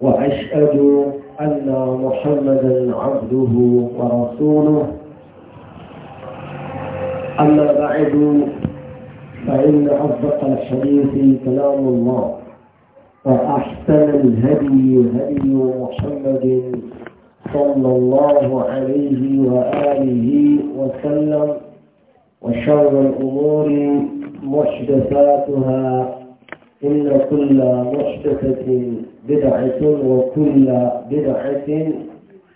وأشهد أن محمدا عبده ورسوله أما بعد فإن أصدق الحديث كلام الله وأحسن الهدي هدي محمد صلى الله عليه وآله وسلم وشر الأمور محدثاتها إن كل محدثة بدعة وكل بدعة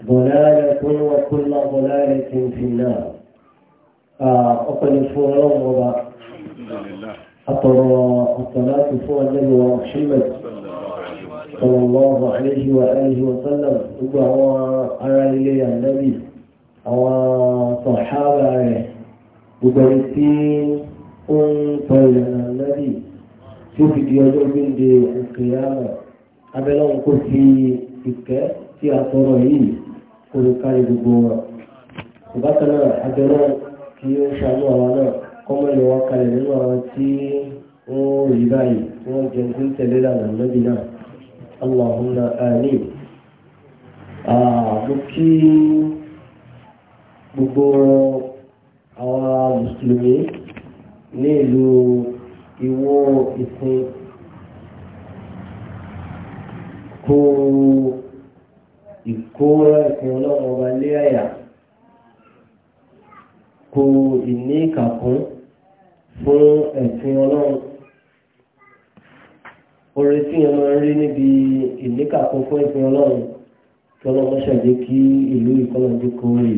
ضلالة وكل ضلالة في النار آه، أقل فورا وضع أطرى الصلاة فوق النبي محمد صلى الله عليه وآله وسلم وهو أرى لي النبي أو صحابة وبرتين النبي tí ó fi di ọjọ́ gbéǹde ìkìyàmọ̀ abẹ́lọ́run kó fi ìkẹ́ tí a tọrọ yìí kó lè kárí gbogbo wọn. ìbákan náà abẹ́lọ́run kí ó ṣàánú àwa náà kọ́mọ ìlú wa kalẹ̀ nínú àwọn tí wọ́n rí báyìí tí wọ́n jẹun tó tẹ̀lé lànà lọ́bì náà. Allahumma amin. Mo kí gbogbo àwọn mùsùlùmí ní ìlú ìwọ ìsìn kó ìkó ẹ̀sìn ọlọ́run ọba lé àyà kó ìní ìkàkún fún ẹ̀sìn ọlọ́run orí tí wọn máa ń rí níbi ìníkàkún fún ẹ̀sìn ọlọ́run tí wọn máa ṣàjẹ́ kí ìlú ìkọlọ́dé kó rè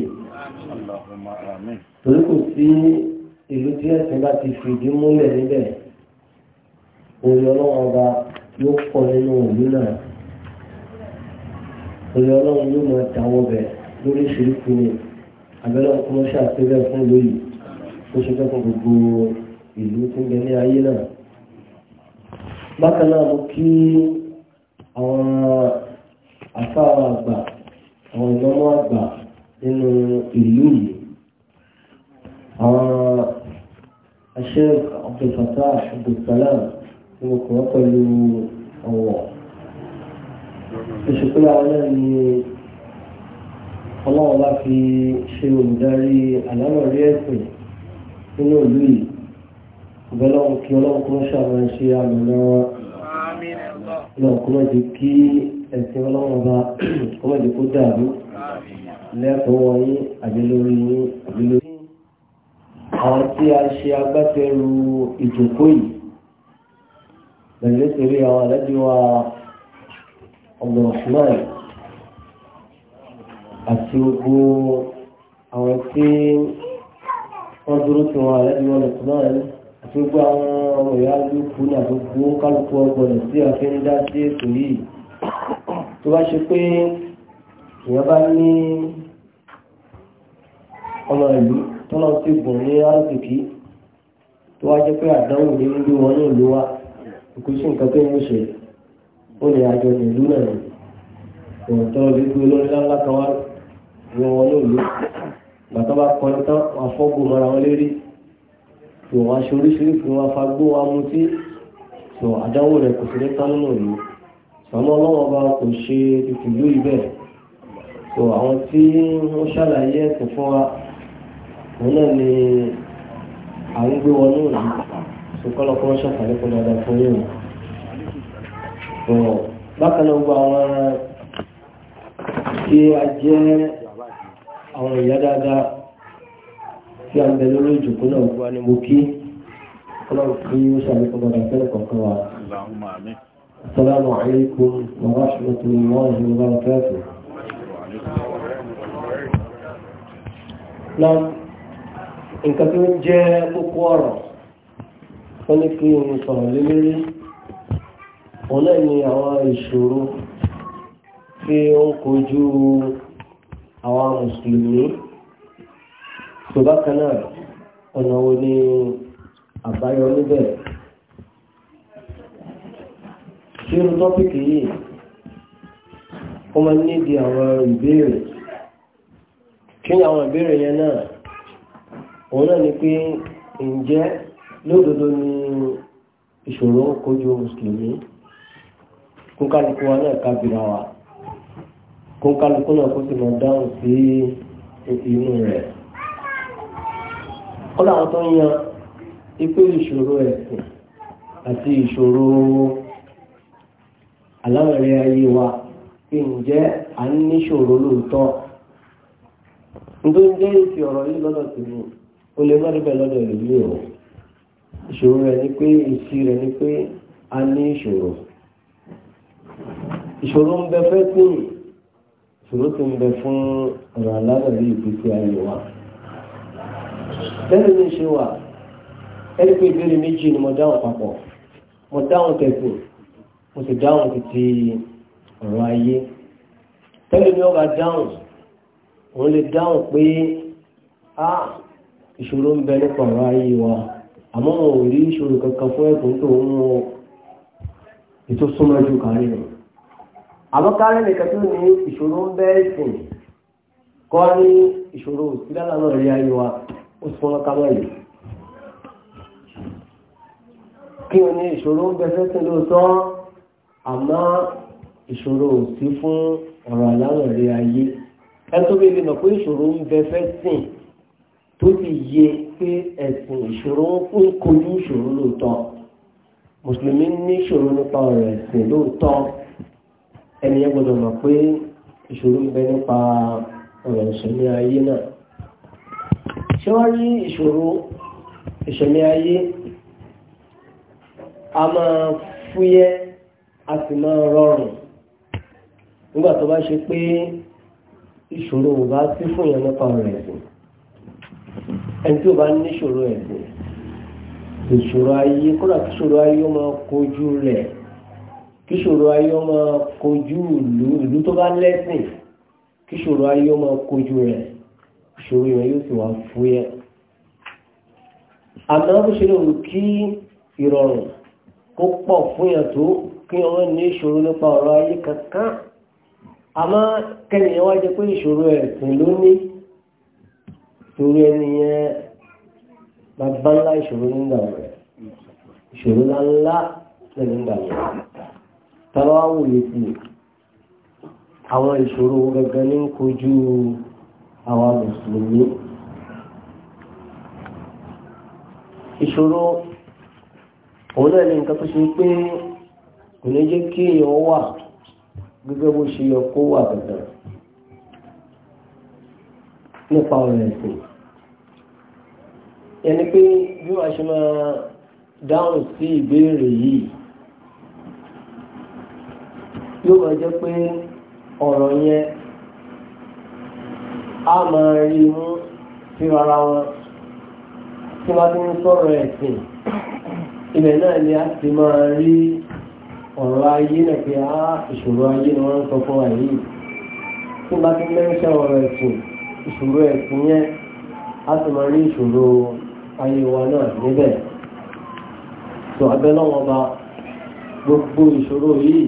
torí kò sí ìlú tí ẹ̀sìn bá ti fìdí múlẹ̀ níbẹ̀ orí ọlọ́run ọba yóò pọ̀ nínú òní náà orí ọlọ́run yóò máa dáwọ́ bẹ̀ lórí ìṣèlú ni abẹ́rẹ́ ọkùnrin ṣàpẹ́rẹ́ fún lóyè ó ṣe fẹ́ fún gbogbo ìlú tó ń bẹ ní ayé náà bákan náà mo kí àwọn àfáà àgbà àwọn ìdánwò àgbà nínú ìlú yìí àwọn aṣẹ́ Abdulfatah Abdulsalam mo kọ́ pẹ̀lú ọ̀wọ̀ oṣù pé àwọn náà ni ọlọ́run bá fi ṣe olùdarí àlámọ̀rí ẹ̀sìn nínú ìlú yìí ìbẹ́lọ́run kí ọlọ́run kó ṣàwọn ṣe àmọ̀nà náà kó má jẹ́ kí ẹ̀sìn ọlọ́run bá kó má jẹ́ kó dàrú lẹ́kọ̀ọ́ wọ̀nyí àbílórí àwọn tí a ṣe agbátẹrù ìjòkó yìí بالنسبة لي والدي وعبد الرحمن àtìgbò àwọn tí wọ́n dúró tí wọ́n alẹ́bí wọn lọ́tún náà ní àtìgbò àwọn ọmọ ìyá lókù náà tó gbó kálukú ọgbọ̀nà tí a fi ń dá sí ètò yìí tó bá ṣe pé èèyàn bá ní ọmọ ìlú tọ́lọ́ sí gùn ní àrùsìkí tó wá pé àdánwò ní ìlú wọn ní ìlú wa kò sí nǹkan tó yẹn ṣe ó lè àjọ ìlú náà ni ìwọ̀n tó lè gbé olórí ńláńlá kan wá ìwọ̀n wọn ló lò bàtà bá kọ́ ní tán wọn fọ́gbó mara wọn lérí tó wọn aṣọ oríṣiríṣi wọn fagbó wọn mutí tó àdánwò rẹ kò sí ní tán nínú ìlú sọmọ ọlọ́wọ́n bá kò ṣe tuntun ìlú yìí bẹ́ẹ̀ tó àwọn tí wọ́n ṣàlàyé ẹ̀sìn fún wa òun náà ni à ń gbé wọn ní sùkọ́lọ kọ́ wọ́n ṣàfàní kó dáadáa fún yìí wọn. bákan náà gbogbo àwọn tí a jẹ́ àwọn ìyá dáadáa tí a ń bẹ lórí ìjòkó náà gbogbo ni mo kí ọlọ́run kí ó ṣàfàní kó dáadáa fẹ́rẹ̀ kọ̀ọ̀kan wa. السلام عليكم ورحمة الله وبركاته نعم إن كنت جاء مقورة wọ́n ní kí n sọ̀rọ̀ lélẹ́rí òun náà ni àwọn ìṣòro tí ó ń kojú àwọn mùsùlùmí tó bákan náà ọ̀nà wo ni àbáyọ níbẹ̀ tí irú tọ́pìkì yìí ó máa nídi àwọn ìbéèrè kí ni àwọn ìbéèrè yẹn náà òun náà ni pé ǹjẹ́ lódodo ni ìṣòro kojú mùsùlùmí kókàlùkù wa náà kábìrà wa kókàlùkù náà kó sì máa dáhùn sí inú rẹ̀ ó láwọn tó ń yan ipé ìṣòro ẹ̀sìn àti ìṣòro aláwẹ̀rẹ̀ ayé wa pé ǹjẹ́ à ń níṣòro lóòótọ́ nítorí jẹ́ èsì ọ̀rọ̀ yìí lọ́dọ̀ tèmi o lè má rí o. ìṣòro rẹ̀ ni pé ìṣí rẹ̀ ni pé a ní ìṣòro ìṣòro ń bẹ fẹ́ sí ìṣòro ti ń bẹ fún ọ̀rọ̀ alábẹ̀rẹ̀ ìgbésí ayé wa bẹ́ẹ̀ ni ṣe wà ẹni pé ìbéèrè méjì ni mo dáhùn papọ̀ mo dáhùn tẹ̀sìn mo sì dáhùn títí ọ̀rọ̀ ayé tẹ́lẹ̀ ni ọba dáhùn òun lè dáhùn pé a ah, ìṣòro ń bẹ nípa ọ̀rọ̀ ayé wa àmọ́ wọn ò rí ìṣòro kankan fún ẹ̀kùn tó ń wọ ètò súnmọ́ ju kárí rẹ̀ àmọ́ kárí nìkan tó ní ìṣòro ń bẹ́ ẹ̀sìn kọ́ ní ìṣòro òsílẹ̀ náà rí ayé wa ó súnmọ́ kámọ́ yìí kí o ní ìṣòro ń bẹ sẹ́sìn lóòótọ́ àmọ́ ìṣòro ò sí fún ọ̀rọ̀ àláwọ̀ rí ayé ẹ tó bí ibi mọ̀ pé ìṣòro ń bẹ fẹ́ tó ti yé pé ẹ̀sìn ìṣòro fún kojú ìṣòro lóòótọ́ mùsùlùmí ní ìṣòro nípa ọ̀rọ̀ ẹ̀sìn lóòótọ́ ẹni yẹn gbọdọ̀ mọ̀ pé ìṣòro ń bẹ nípa ọ̀rọ̀ ìṣẹ̀mí ayé náà ṣé wọ́n rí ìṣòro ìṣẹ̀mí ayé a máa fúyẹ́ a sì máa rọrùn nígbà tó bá ṣe pé ìṣòro ò bá sí fún yẹn nípa ọ̀rọ̀ ẹ̀sìn ẹni tí ó bá níṣòro ẹ̀sìn ìṣòro ayé kódà kíṣòro ayé ó máa kojú rẹ̀ kíṣòro ayé ó máa kojú ìlú ìlú tó bá lẹ́sìn kíṣòro ayé ó máa kojú rẹ̀ ìṣòro yẹn yóò sì wá fúyẹ́ àmọ́ bó ṣe lè wù kí ìrọ̀rùn kó pọ̀ fún yẹn tó kí ọmọ ní ìṣòro nípa ọ̀rọ̀ ayé kankan àmọ́ kẹ́nìyàn wá jẹ́ pé ìṣòro ẹ̀sìn ló ní torí ẹni yẹn bàbá ńlá ìṣòro nígbà rẹ̀ ìṣòro ńláńlá lẹ́nu nígbà rẹ̀ tọ́lá wò lè fi àwọn ìṣòro gẹ́gẹ́ ní kojú àwọn mùsùlùmí ìṣòro òun náà ní nǹkan tó ṣe pé kò ní jẹ́ kí èèyàn wà gẹ́gẹ́ bó ṣe yọ kó wà gẹ́gẹ́ nípa ọ̀rọ̀ ẹ̀sìn ẹni pé bí wàá ṣe máa dáhùn sí ìbéèrè yìí yóò máa jẹ́ pé ọ̀rọ̀ yẹn a máa rí mú sí ara wọn tí wọ́n ti ń sọ̀rọ̀ ẹ̀sìn ibẹ̀ náà ni a ti máa rí ọ̀rọ̀ ayé náà pé a ìṣòro ayé ni wọ́n ń sọ fún wa yìí tí wọ́n ti ń mẹ́ńṣẹ́ ọ̀rọ̀ ẹ̀sìn. ìṣòro ẹ̀sìn yẹn a sì máa rí ìṣòro ayé wa náà níbẹ̀ tó abẹ́ lọ́wọ́ bá gbogbo ìṣòro yìí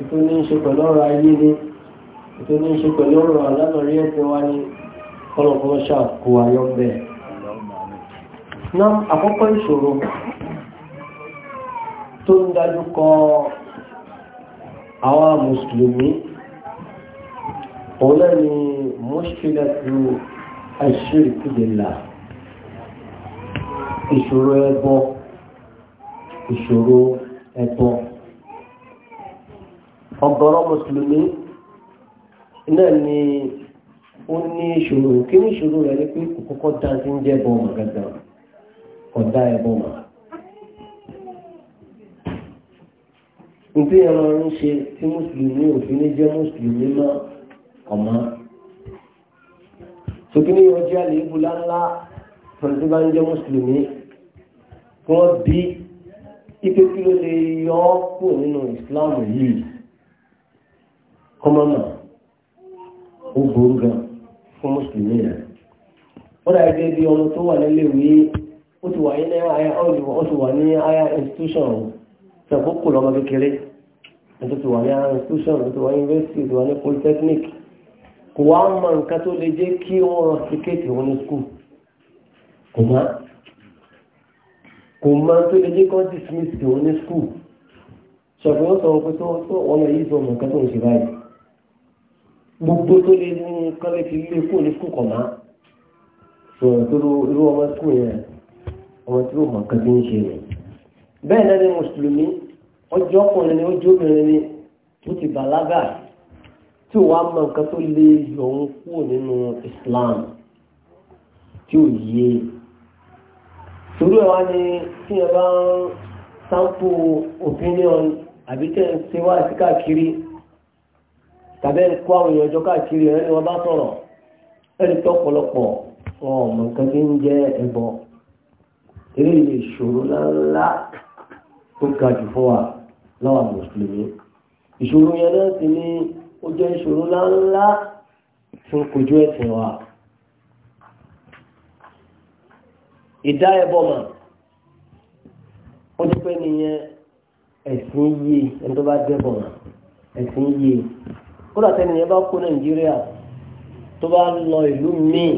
ètò ní í ṣe pẹ̀lú ọ̀rọ̀ ayé ni ètò ní í ṣe pẹ̀lú ọ̀rọ̀ alámọ̀rí ẹ̀sìn wa ni kọ́lọ̀kọ́lọ́ ṣàkó ayọ́ bẹ́ẹ̀. ná àkọ́kọ́ ìṣòro tó ń dájú kọ àwọn mùsùlùmí òun náà ni mọ́ṣílẹ̀tù àṣírìkìdìlà ìṣòro ẹbọ ìṣòro ẹbọ ọ̀gọ̀rọ̀ mùsùlùmí náà ni ó ní ìṣòro kí ní ìṣòro rẹ̀ ní pé kò kọ́kọ́ dá sí ń jẹ́ bọ́ọ̀mù gẹ́gẹ́ ọ̀dá ẹbọ̀mù nítorí ẹran ń ṣe tí mùsùlùmí òfin ní jẹ́ mùsùlùmí náà ọ̀mọ́ sókínní ọjọ́ àléébù láńlá fẹ̀rẹ̀sí bá ń jẹ́ mùsùlùmí kí wọ́n bí ipe kí ló lè yọ ọ́ kù nínú ìsìláàmù yìí kọ́mọ́mà ó burú gan fún mùsùlùmí rẹ̀ ó dà gẹ́gẹ́ bí ọmọ tó wà nílé ìwé ó ti wà ní àyà ọ̀lùwọ̀ ó ti wà ní àyà institution ṣàkókò lọ́mọ kékeré ó ti wà ní àyà institution ó ti wà ní university ó ti wà ní polytechnic kò wá mọ nǹkan tó lè jẹ́ kí wọ́n rán tíkẹ́ẹ̀tì wọn ní skul kò mọ́ kò mọ tó lè jẹ́ kí wọ́n dismiss wọn ní skul ṣọ̀fún ó sọ wọn pé tó wọn lọ yí sọ mọ nǹkan tó ń ṣe báyìí gbogbo tó lè mú nǹkan lè fi lé kúrò ní skul kọ̀ mọ́ sọ̀rọ̀ tó irú ọmọ skul yẹn ọmọ tí ó mọ nǹkan tó ń ṣe rẹ̀ bẹ́ẹ̀ náà ni mùsùlùmí ọjọ́ ọkùnrin ni ó jóbìnrin ni ó ti bàlágà tí ò wá mọ nǹkan tó lè yọ òun kúrò nínú Islam tí ò yé torí ẹ̀ wá ní tí ẹ bá ń sampo opinion àbí tẹ̀ ń ṣe wá sí káàkiri tàbí ẹ̀ kó àwọn èèyàn jọ káàkiri ẹ̀ ni wọ́n bá sọ̀rọ̀ ẹ̀ lè tọ́ ọ̀pọ̀lọpọ̀ ọmọ nǹkan tí ń jẹ́ ẹbọ eré ilé ìṣòro ńláńlá tó ga jù fún wa lọ́wọ́ mùsùlùmí ìṣòro yẹn náà ti ní ó jẹ́ ìṣòro ńláńlá fún kojú ẹ̀sìn wa. ìdá ẹbọ mọ̀ ó ti pẹ́ nìyẹn ẹ̀sìn yìí ẹni tó bá dẹ́bọ̀ mọ̀ ẹ̀sìn yìí kódà tẹ́ni yẹn bá kó nàìjíríà tó bá lọ ìlú míì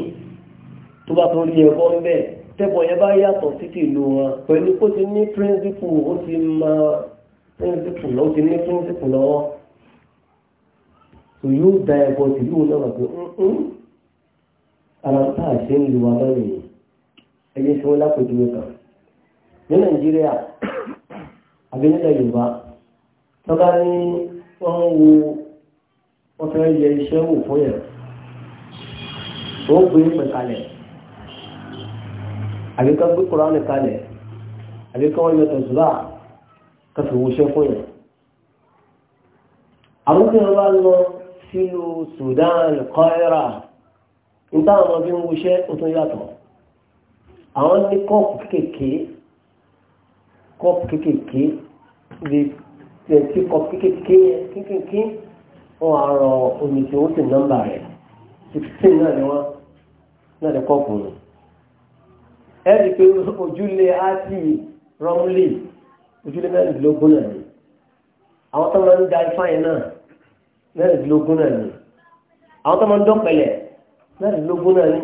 tó bá tó rí ẹbọ ń bẹ̀ tẹ́bọ̀ yẹn bá yàtọ̀ títí ìlú wọn pẹ̀lú kó ti ní píríncípù ó ti mọ píríncípù lọ́wọ́ ó ti ní píríncípù lọ́wọ́ tò yóò da ẹbọ tí yóò náà pé ńkún ara tá a ṣe ń lu wa lọ́rùn yìí ẹyẹ ṣe wọn lápèjúwe kan ní nàìjíríà àbí nílẹ̀ yorùbá tọ́ka ní wọ́n wo wọ́n fẹ́ yẹ iṣẹ́ wò fún yẹn wọ́n gbé pẹ̀kalẹ̀ àbí ká gbé kuraani kalẹ̀ àbí wọ́n yọ tẹ̀síwá ká fi wo fún yẹn àwọn kí wọ́n bá lọ sílùú Sudan Qaira ní táwọn ọmọ bí ń wuṣẹ́ ó tún yàtọ̀ àwọn ní kọ́ọ̀pù kékèké kọ́ọ̀pù kékèké lè tẹ̀sí kọ́ọ̀pù kékèké kékèké wọ́n á rọ omi tí ó sì nọ́mbà rẹ̀ sixteen náà ni wọ́n náà ni kọ́ọ̀pù nù ẹ̀rí pé ojúlé áti rọmúlì ojúlé mẹ́rìndínlógún náà ni àwọn tó máa ń da ifá yẹn náà mẹ́rìndínlógún náà ni àwọn tó máa ń dọ́pẹ̀lẹ̀ mẹ́rìndínlógún náà ni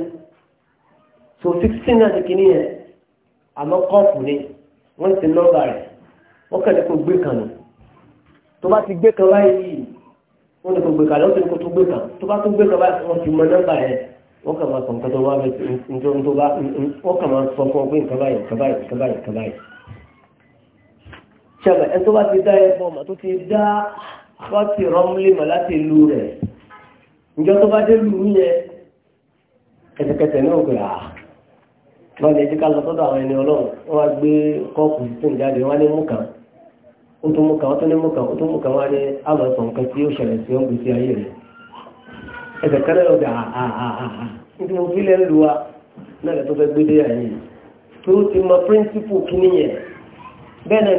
so sixteen náà ti kíní yẹn àmọ́ kọ́ọ̀pù ni wọ́n ti nọ́mbà rẹ̀ wọ́n kẹ́lẹ́ kó gbé kan nù tó bá ti gbé kan báyìí wọ́n ní kó gbé kan lọ́wọ́ tó ní kó tó gbé kan tó bá tó gbé kan báyìí wọ́n ti mọ nọ́mbà yẹn wọ́n kàn máa sọ nǹkan tó wá bẹ nítorí tó bá wọ́n kàn máa sọ fún ọ pé nǹkan báyìí nǹkan báyìí nǹkan báyìí nǹkan báyìí. ṣàbẹ̀ ẹ tó bá ti dá ẹ bọ́ọ̀mà tó ti dá fọ́tì t'i láti ìlú rẹ̀ ìjọ tó bá dé lù lu yẹ kẹtẹkẹtẹ náà gbé a ah, wọn lè díka lọ sọ́dọ̀ àwọn ẹni Ọlọ́run wọn gbé kọọpù tó ń jáde wọn ní mú ó tún mú ó tún ní mú ó tún mú kan ní àwọn sọ tí ó ṣẹlẹ̀ sí ọgbìn sí ayé rẹ ẹsẹ kẹrẹ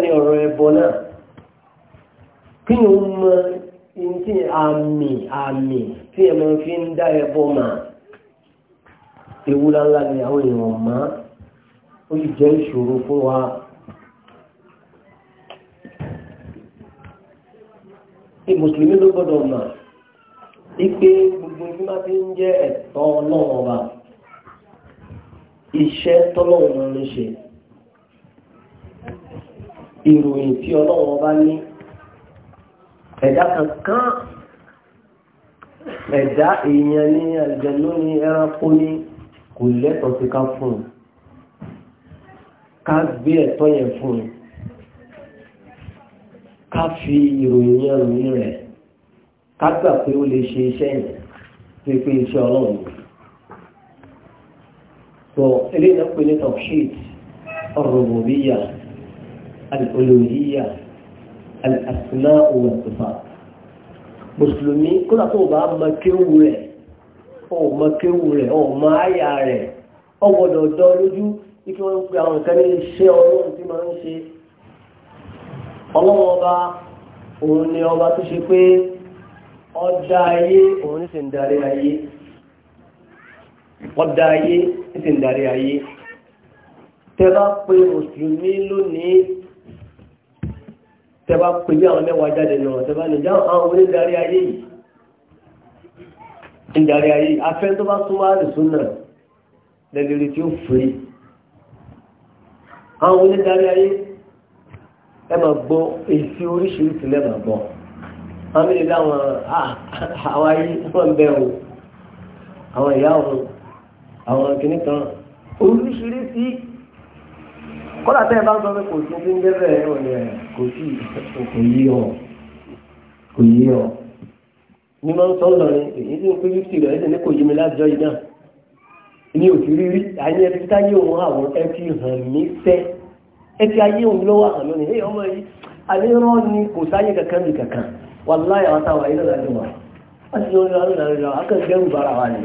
lọ kí ni ó mọ ní àmì àmì tí ẹ fi ń dá ẹbọ mà ewu ńláńlá ni àwọn èèyàn mọ ó sì jẹ́ ìṣòro fún wa. tí mùsùlùmí ló gbọ́dọ̀ mọ̀ ipe gbogbo ibi máa fi ń jẹ́ ẹ̀tọ́ ọlọ́run ọba iṣẹ́ tọ́lọ́run ló ń ṣe ìròyìn tí ọlọ́run ọba ní ẹ̀dá kankan ẹ̀dá èèyàn ní àjẹ̀lú ní ẹranko ní kò lẹ́tọ̀ọ́ sí ká fún un ká gbé ẹ̀tọ́ yẹn fún un ká fi ìròyìn ẹrùn rẹ̀ ká gbà pé ó lè ṣe iṣẹ́ yẹn pé iṣẹ́ ọlọ́run so eléyìí náà pè ní tọ̀ṣíìtì ọ̀rọ̀ òbíyà àti olóyìíyà al-asma'u wa sifat mùsùlùmí kódà tó o bá mọ kéwù rẹ̀ ọ̀ mọ kéwù rẹ̀ ọ̀ mọ àyà rẹ̀ ọ̀ gbọ́dọ̀ dán lójú kí wọ́n ń pe àwọn nǹkan ní iṣẹ́ ọlọ́run tí máa ń ṣe ọlọ́run ọba òun ni ọba tó ṣe pé ọdá ayé òun ní sì ń darí ayé ọdá ayé ní sì ń darí ayé tẹ́ bá pé mùsùlùmí lónìí tẹ bá pè bí àwọn mẹ́wàá jáde náà tẹ bá nìjà àwọn onídàárí ayé yìí ìdarí ayé afẹ́ tó bá súnmọ́ àrùsùn náà lẹ́lẹ́rẹ́ tí ó fèrè àwọn onídarí ayé ẹ máa gbọ́ èsì oríṣiríṣi lẹ́màá gbọ́ àwọn ilé láwọn àwọn ayé wọ́n bẹ̀ o àwọn ìyá òun àwọn kìnnì kan oríṣiríṣi kọ́lá tẹ́ ẹ bá ń sọ pé kò sí ní gẹ́gẹ́ ẹ̀ kò sí kò yí ọ kò yí ọ ní máa ń sọ ndị èyí tí ó pé fífi rẹ ẹsẹ ní kò yí mi lájọ yìí ní òfin rírí ẹbí táyé òun àwọn hàn mí ayé òun lọ́wọ́ hàn lónìí ọmọ yìí àlérán ni kò sáyé kankan bí kankan wà láyà ayé bára wa ni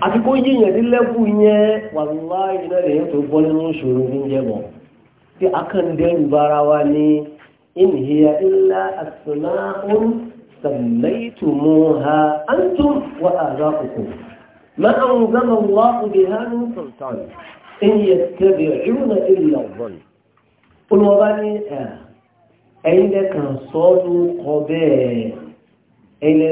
àti kó lẹ́kù yẹn wà náà lè yẹn tó tí a kàn dẹ́rù bára wa ní in hiya illa asma'un sammaytumuha antum wa aba'ukum ma anzala Allahu biha min sultan in yattabi'una illa adh-dhann olùwọ́bá ní ẹ̀yin lẹ kàn sọ́ ló kọ bẹ́ẹ̀ ẹ̀yin lẹ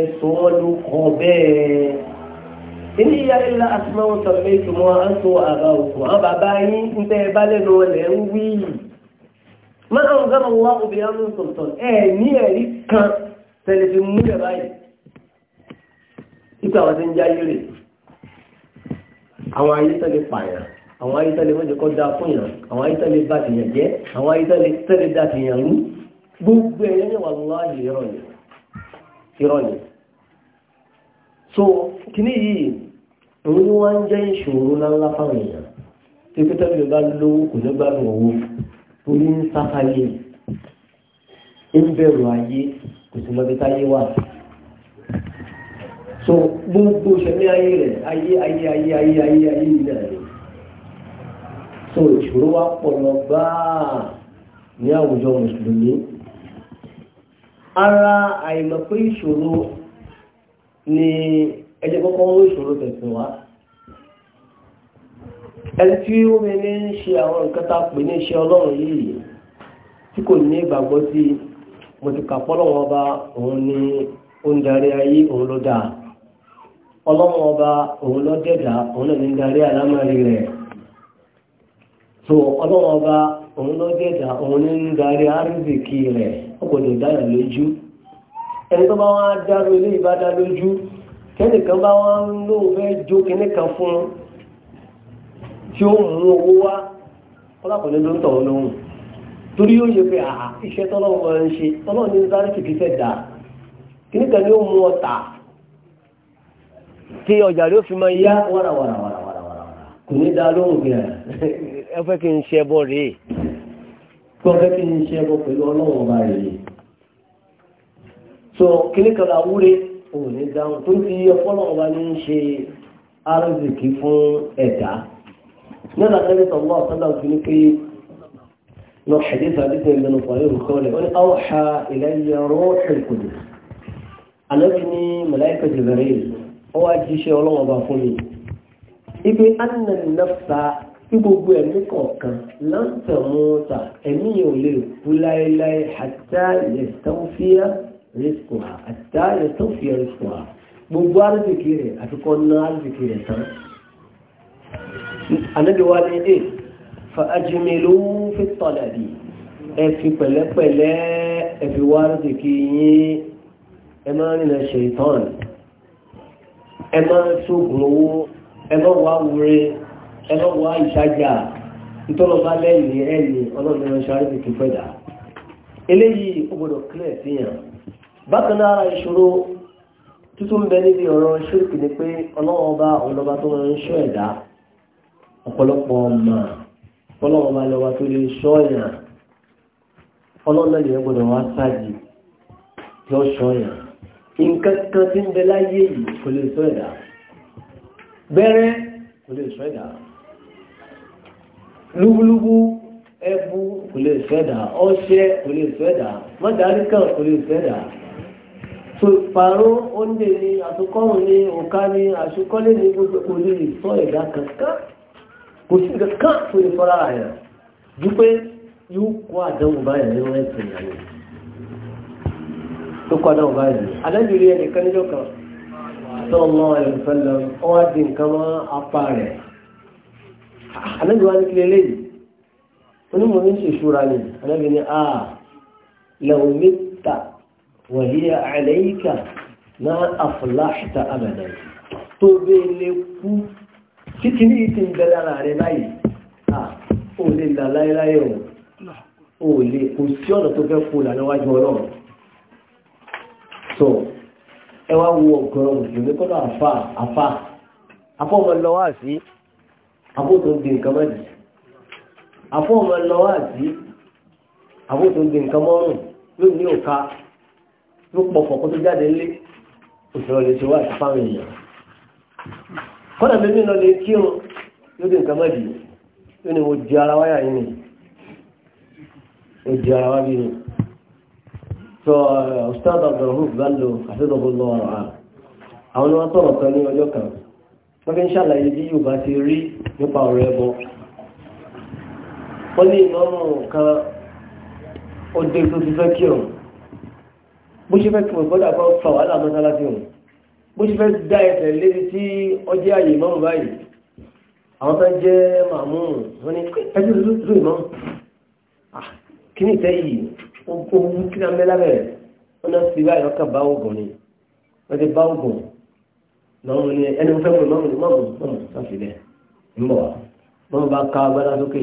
إن هي إلا أسماء سميتموها أنتم وآباؤكم أباباين أنت بالن ولوي yi أنزل الله بها من سلطان إيه نيالي كان tẹlifí mú yẹ báyìí títà wọn ti ń já yéré àwọn ayé tẹ́lẹ̀ pààyàn àwọn ayé tẹ́lẹ̀ mọ́jọ kọ́ dáa fún yàn àwọn ayé tẹ́lẹ̀ àwọn ayé tẹ́lẹ̀ gbogbo so kini yìí òun ni wọ́n ń jẹ́ ìṣòro ńláńlá fáwọn èèyàn tí pété mi bá lówó kò ní gbádùn owó so gbogbo ṣẹlẹ̀ ayé rẹ̀ ayé ayé ayé ayé ni so ìṣòro wa pọ̀ lọ gbáà ní àwùjọ mùsùlùmí ara àìmọ̀ pé ìṣòro ni ẹjẹ́ kọ́kọ́ ń ìṣòro tẹ̀sìn wá ẹni tí ó mi ní ṣe àwọn nǹkan pè ní ọlọ́run yìí tí kò mo ti kà ọba òun ni ó ayé òun ọba òun ló dẹ̀dá òun náà ní so ọlọ́run ọba òun ló dẹ̀dá òun ní darí àrísìkí rẹ̀ ó dáyà ẹni tó bá wọn dáró ilé ìbádá lójú kẹ́nìkan bá wọn ló fẹ́ jó kẹ́nìkan fún tí ó mú owó wá ọlọ́pàá ló ń tọ̀ lóhùn torí yóò yẹ pé àhà iṣẹ́ tọ́lọ́wọ́ wọn ń ṣe tọ́lọ́wọ́ ní sáré kìkì fẹ́ dà kẹ́nìkan ni ó mú ọ tà tí ọjà rẹ̀ ó fi máa yá wàràwàràwàrà kò ní dá lóhùn bí ẹ fẹ́ kí n ṣẹ́ bọ́ rèé kí wọ́n fẹ́ kí n ṣẹ́ bọ́ pẹ̀lú ọlọ́wọ́ bá so kíní kan àwúre òun ní dáhùn tó ti ọpọlọ wa ní ṣe arzikì fún ẹ̀dá náà látẹ́lẹ̀ tó wọ́n ọ̀sán láwùjọ ní pé lọ ṣẹ̀dẹ́sà dídì ìlànà pàlẹ́ òkọ́lẹ̀ ó ní awha ilayya ruhul qudus ànábì ní màláíkà Jibril ó wá jíṣẹ́ ọlọ́wọ́n bá fún mi ibi anna gbogbo ẹ̀mí kọ̀ọ̀kan lọ́ntẹ̀ mọ́ta ẹ̀mí yóò lè kú láéláé hatta yastawfiya rísíkùhà àtà yastawfi rísíkùhà gbogbo arziki rẹ̀ àfikọ́ ná arziki rẹ̀ tán anábì wa ní ẹ̀ fa ajmilu fi talabi ẹ fi pẹ̀lẹ́pẹ̀lẹ́ ẹ fi wá arziki yín ẹ máa ń rìnà ṣaitan ẹ máa ń ṣoògùn owó ẹ máa wá wúre ẹ máa wá arziki fẹ́ eléyìí ó gbọ́dọ̀ kílẹ̀ síyàn. bákan náà ara ìṣòro tuntun bẹ níbi ọ̀rọ̀ ṣírìkì ni pé ọlọ́wọ́ bá ọlọ́ba tó ń ṣọ́ ẹ̀dá ọ̀pọ̀lọpọ̀ ọmọ ọlọ́wọ́ bá lọ́ba tó lè ṣọ́ ẹ̀yàn ọlọ́nà lè gbọ́dọ̀ wá sáàjì lọ ṣọ́ ẹ̀yàn nǹkan kan ń bẹ láyé yìí kò lè ṣọ́ ẹ̀dá bẹ́rẹ́ kò lè ṣọ́ ẹ̀dá lúbúlúbú kò lè ṣọ́ ẹ̀dá ọṣẹ kò lè ṣọ́ ẹ̀dá so ìparó oúnjẹ ni àtúkọ́rùn ni òká ni àṣekọ́lé ni gbogbo kò lè sọ ẹ̀dá kankan kò sí kankan tó lè fọ́ra àyà ju pé yóò kó àdánwò báyìí nínú ẹ̀sìn ìyàwó tó kó àdánwò báyìí adájọ́ rí ẹnìkan níjọ́ kan sọ́ọ̀mọ́ ẹ̀lùfẹ́lẹ̀ ọwá di nǹkan mọ́ apá rẹ̀ adájọ́ ni adájọ́ ni wàhíyà àlẹ́yìká náà àfúláṣítà àbẹ̀dẹ̀ tó bèèrè kú títí ní lè kú so ẹ wá wo ọ̀gọ̀rọ̀ mùsùlùmí kọ́nà àfà àfà afọ́mọ lọ́wọ́ àti àbótó ń di nǹkan mẹ́rin afọ́mọ lọ́wọ́ àti àbótó ń di nǹkan yóò pọ̀ fọ̀kọ́ tó jáde lé òṣèrò lè ṣe wá ìfáwọn èèyàn kọ́nà bẹ́ẹ̀ nínú lè kírun yóò dé nǹkan mẹ́jì yóò ní mo di ara wáyà yìí ni mo di ara wá bí ni sọ uh, ustaz abdulrahman bello àfẹ́dọ̀bọ̀ lọ ọ̀rọ̀ ha àwọn ni wọ́n tọ̀rọ̀ kan ní ọjọ́ kan wọ́n fi ń ṣàlàyé bí Yorùbá ti rí nípa ọ̀rọ̀ ẹbọ wọ́n ní ìmọ̀ràn kan ó dé tó ti fẹ́ kírun bó ṣe fẹ́ kí wọ́n gbọ́dọ̀ kan fa wàhálà mọ́sálásí wọn bó ṣe fẹ́ dá ẹsẹ̀ lébi tí ọjọ́ àyè ìmọ̀mù báyìí àwọn tó ń jẹ́ màmú wọn ni ẹjọ́ ló ìmọ̀mù kí ni ìtẹ́ yìí ó wú kí ni amẹ́lá bẹ̀rẹ̀ wọn náà sì báyìí ọkà bá ògùn ni wọ́n ti bá ògùn náà wọn ni ẹni fẹ́ mọ̀ ìmọ̀mù ni mọ̀mù mọ̀mù sáfìlẹ̀ ń bọ̀ wá mọ̀mù bá ká agbádá sókè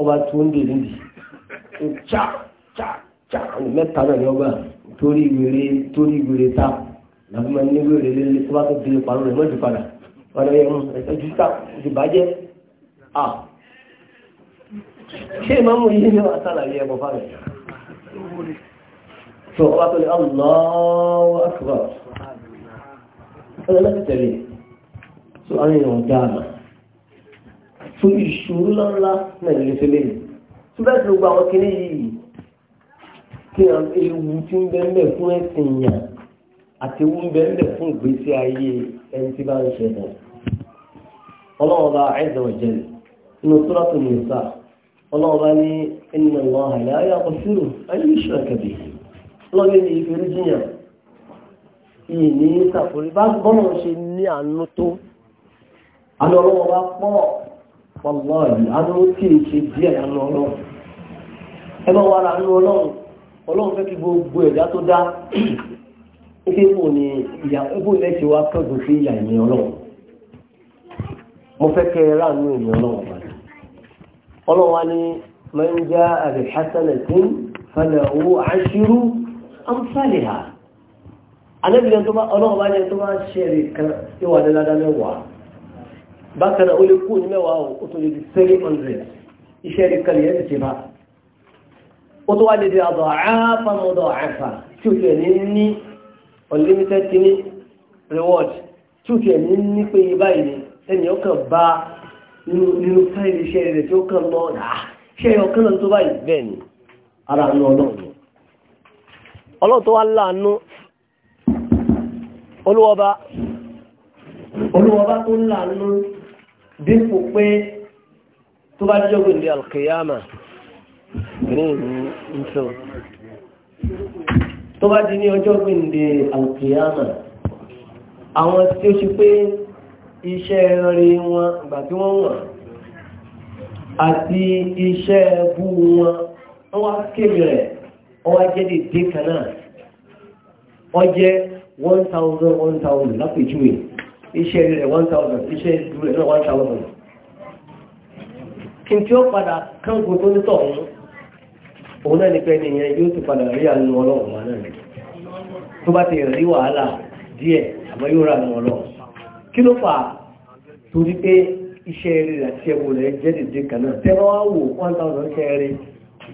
ọba tó ń dè níbi ń chá chá chá mẹ́ta náà ni ọgbà torí wèrè torí wèrè ta làbí máa ní wèrè lélẹ tó bá tó di ìparun rẹ mọ́jú padà wọn lọ yẹ mú ẹjú ta ti bàjẹ́ à ṣé ìmáàmù yìí ni wàá sàlàyé ẹbọ fáwọn tó ọba tó lè Allahu Akbar ọlọ́lá ti tẹ̀lé tó àwọn èèyàn dáàmà tó ìṣòro lọ́nlá náà lè fẹ́lẹ́ tó bẹ́ẹ̀ tó gbogbo àwọn kìnnìyàn yìí a ewu tí ń bẹ́ẹ̀ fún ẹ̀sìn yàn àti ewu ń bẹ́ẹ̀ fún ìgbésí ayé ẹni tí bá ń bá ẹ̀dọ̀ inú lè sá bá ní àlẹ́ ayé àkọsírò ayé ìṣúra kẹ̀bì ọlọ́wọ́ ní ìfẹ́rí jiyàn ìyè ní sàkórí bá gbọ́nà ṣe ní àánú tó àná ọlọ́wọ́ bá pọ̀ pọ̀ lọ́ọ̀lì àánú ṣe díẹ̀ ọlọ́run fẹ́ kí gbogbo ẹ̀dá tó dá ike mò ní ìyá ebó ilẹ̀ ṣe wá pẹ̀lú sí ìyá ìmì ọlọ́run mo fẹ́ kẹ́ ẹ ráàánú ìmì ọlọ́run bá ọlọ́run wa ní máa ń já àrè hasanẹ̀ tí falẹ̀ owó àṣírú àǹfààlẹ̀ ha anábìyàn tó bá ọlọ́run bá yẹn tó bá ṣẹlẹ̀ kan ìwà dáadáa mẹ́wàá bákan náà ó lè kú ní mẹ́wàá ó tó lè di seven hundred iṣẹ́ ìkàlẹ̀ yẹn ti ṣe o tụwa dị di a dọọca fam dọọca fa tu tụọ ni ni ondimitr tini rịwọdh ni ni kpeyi bayi ndeniawo kan baa nnuk nnuktayi ni shayi dade fewu kan bọ ha shayi ọ kama ntụwa bayi bee nyi arahannu ọlọrụ nọ ọlọrụ tụwa laa nnụ olu ọba olu ọba tụn laa nnụ dịpụ kpee tụwa jogin ìrìn ní ìṣọ́ tó bá di ní ọjọ́ gbìndé alkiyama àwọn tí ó ṣe pé iṣẹ́ rí wọn ìgbà tí wọ́n wọ̀n àti iṣẹ́ bú wọn wọ́n wá kébì rẹ̀ wọ́n wá jẹ́ dìde kan náà wọ́n jẹ́ 1000 1000 lápèjúwe iṣẹ́ rẹ̀ 1000 iṣẹ́ rẹ̀ 1000 kí n tí ó padà kánkò tó ń tọ̀ òun náà ni pé ní ìyẹn yóò ti padà rí àánú ọlọ́run wa náà tó bá ti rí wàhálà díẹ̀ àmọ́ yóò rà àánú ọlọ́run kí ló fà á torí pé iṣẹ́ eré àti ẹ̀wò rẹ̀ jẹ́ dèdè kan náà wá wò one thousand iṣẹ́ eré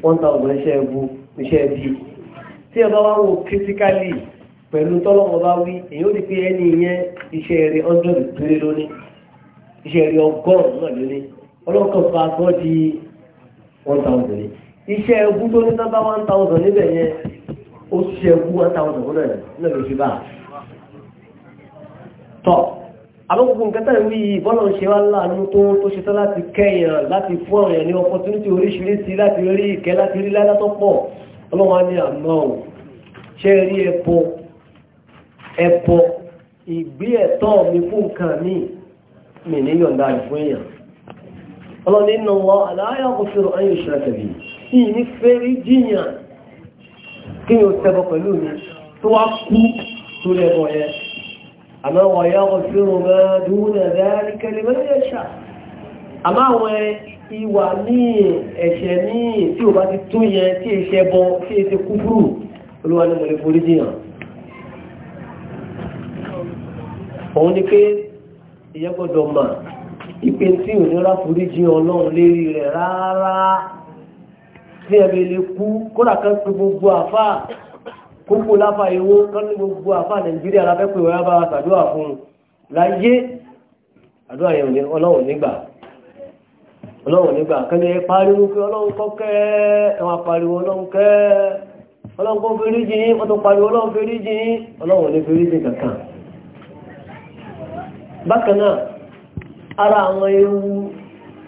one thousand iṣẹ́ ẹ̀bù iṣẹ́ ẹ̀bí tí ẹ bá wá wò critically pẹ̀lú tọ́lọ́wọ́ bá wí èyí ó di pé ẹni ìyẹn iṣẹ́ eré hundred péré lónìí iṣẹ́ eré ọgọ́rùn-ún náà lónìí ọlọ́kàn di one thousand iṣẹ́ ẹgbú tó ní nọ́mbà one thousand níbẹ̀ yẹn ó ṣiṣẹ́ ẹgbú one thousand ó náà náà ló ṣe bá a. tọ́ àbúkù nǹkan tẹ̀lé wí yìí bọ́lá ń ṣe wá láàánú tó tó ṣetán láti kẹ́yàn láti fún àwọn èèyàn ní opportunity oríṣiríṣi láti rí ìkẹ́ láti rí ládá tó pọ̀ ọlọ́run á ní àmọ́ ò ṣe rí ẹ̀pọ ẹ̀pọ ìgbé ẹ̀tọ́ mi fún nǹkan mi mi ní yọ̀ǹda ìfún èèyàn ọlọ́run nínú wọn àlàáyà kò fẹ́ràn ayé ìṣẹ́lẹ̀ tẹ̀lé tí ní fẹ́rí jíyàn kí ni ó tẹ́bọ̀ pẹ̀lú mi tó wá kú tó lẹ́bọ̀ yẹ àmọ́ wọ̀ yá wọ́n fi rùn mọ́ dúnà dárí kẹlẹ̀ mẹ́rin ẹ̀ṣà àmọ́ àwọn ìwà ní ẹ̀ṣẹ̀ ní tí ò bá ti tún yẹ tí ẹ̀ṣẹ̀ bọ tí ẹ̀ṣẹ̀ kúfúrú olúwa ni mo lè forí jíyàn òun ni pé ìyẹ́gbọ́dọ̀ mà ìpè tí ò ní ráforí jíyàn ọlọ́run lérí rẹ̀ rárá ní ẹ̀mí lè kú kódà kan pé gbogbo àfà kókó láfa ìwó kan ní gbogbo àfà nàìjíríà la fẹ́ pé wọ́n yá bá ṣàdúrà fún un láyé àdúrà yẹn ọlọ́run nígbà ọlọ́run nígbà kan ní pariwo pé ọlọ́run kọ́ kẹ́ ẹ̀wọ̀n pariwo ọlọ́run kẹ́ ọlọ́run kọ́ fèrè jìn wọ́n tó pariwo ọlọ́run fèrè jìn ọlọ́run ní fèrè jìn kankan bákan náà ara àwọn ewu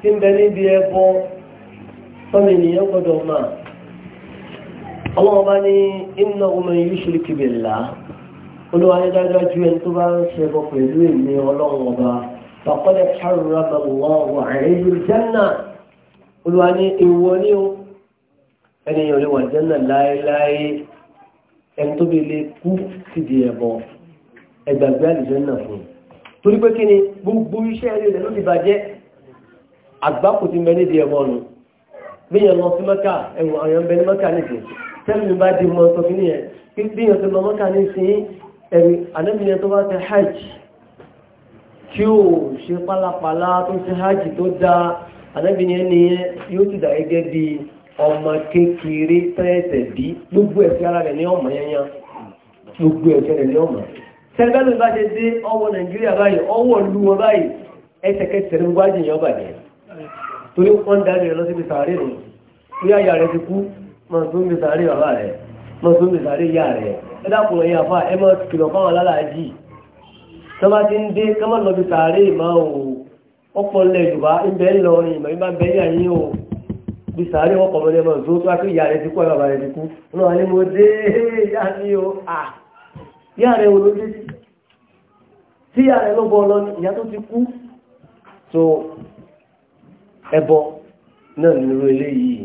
tí ń bẹ níbi ẹbọ fọ́mì ènìyàn gbọ́dọ̀ máa ọlọ́wọ́ bá ní iná ọmọ yìí ṣìrìkì bèèlà olúwa ní dáadáa ju ẹni tó bá ń ṣe bọ pẹ̀lú èmi ọlọ́wọ́ ọba fàkọ́lẹ̀ kárùrà bàbá wà àìyí jẹ́nà olúwa ní ìwọ ní o torí pé kí ni gbogbo iṣẹ́ rẹ̀ ló ti bàjẹ́ àgbákò ti mẹ́ nídìí ẹ̀bọ bíyàn lọ sí mọ́kà ẹ̀wọ̀n àyàn bẹ ní mọ́kà nìkì bá di mọ́ sọ fínì ẹ̀ bíyàn ti lọ mọ́kà ní sí ẹ̀rì ànábìyàn tó bá ti hajj tí ó ṣe pálapàla tó ṣe hajj tó dá ànábìyàn ni yóò ti dà gẹ́gẹ́ bí ọmọ kékeré tẹ́ẹ̀tẹ̀ bí gbogbo ẹ̀sẹ̀ ara rẹ̀ ní ọmọ yẹnyẹn gbogbo ẹ̀sẹ̀ rẹ̀ ní ọmọ tẹ́lẹ̀ bá ti dé ọwọ́ nàìjíríà báyìí ọwọ́ lu wọn báyìí ẹsẹ̀kẹsẹ̀ torí wọ́n ń darí rẹ̀ lọ síbi sàárè rẹ̀ bóyá ìyá rẹ̀ ti kú máa tún bí sàárè bàbá rẹ̀ máa tún bí sàárè ìyá rẹ̀ ẹ dákun ẹ̀yìn àfa ẹ máa kìlọ̀ fáwọn alálàájì tó bá ti ń dé ká má lọ bí sàárè máa ò ọ̀pọ̀ ilẹ̀ yorùbá ibẹ̀ ń lọ ni ìmọ̀ ibà bẹ́ẹ̀ yà yín o bí sàárè wọn kọ̀ọ̀mọ́ lẹ́mọ̀ tó tó akẹ́ ìyá rẹ̀ ti kú bàbá rẹ̀ ti kú ọ̀nà àlẹ́ mo dé yá ni o à yá rẹ̀ ló bọ̀ lọ ìyá tó ti kú so ẹbọ náà nírú eléyìí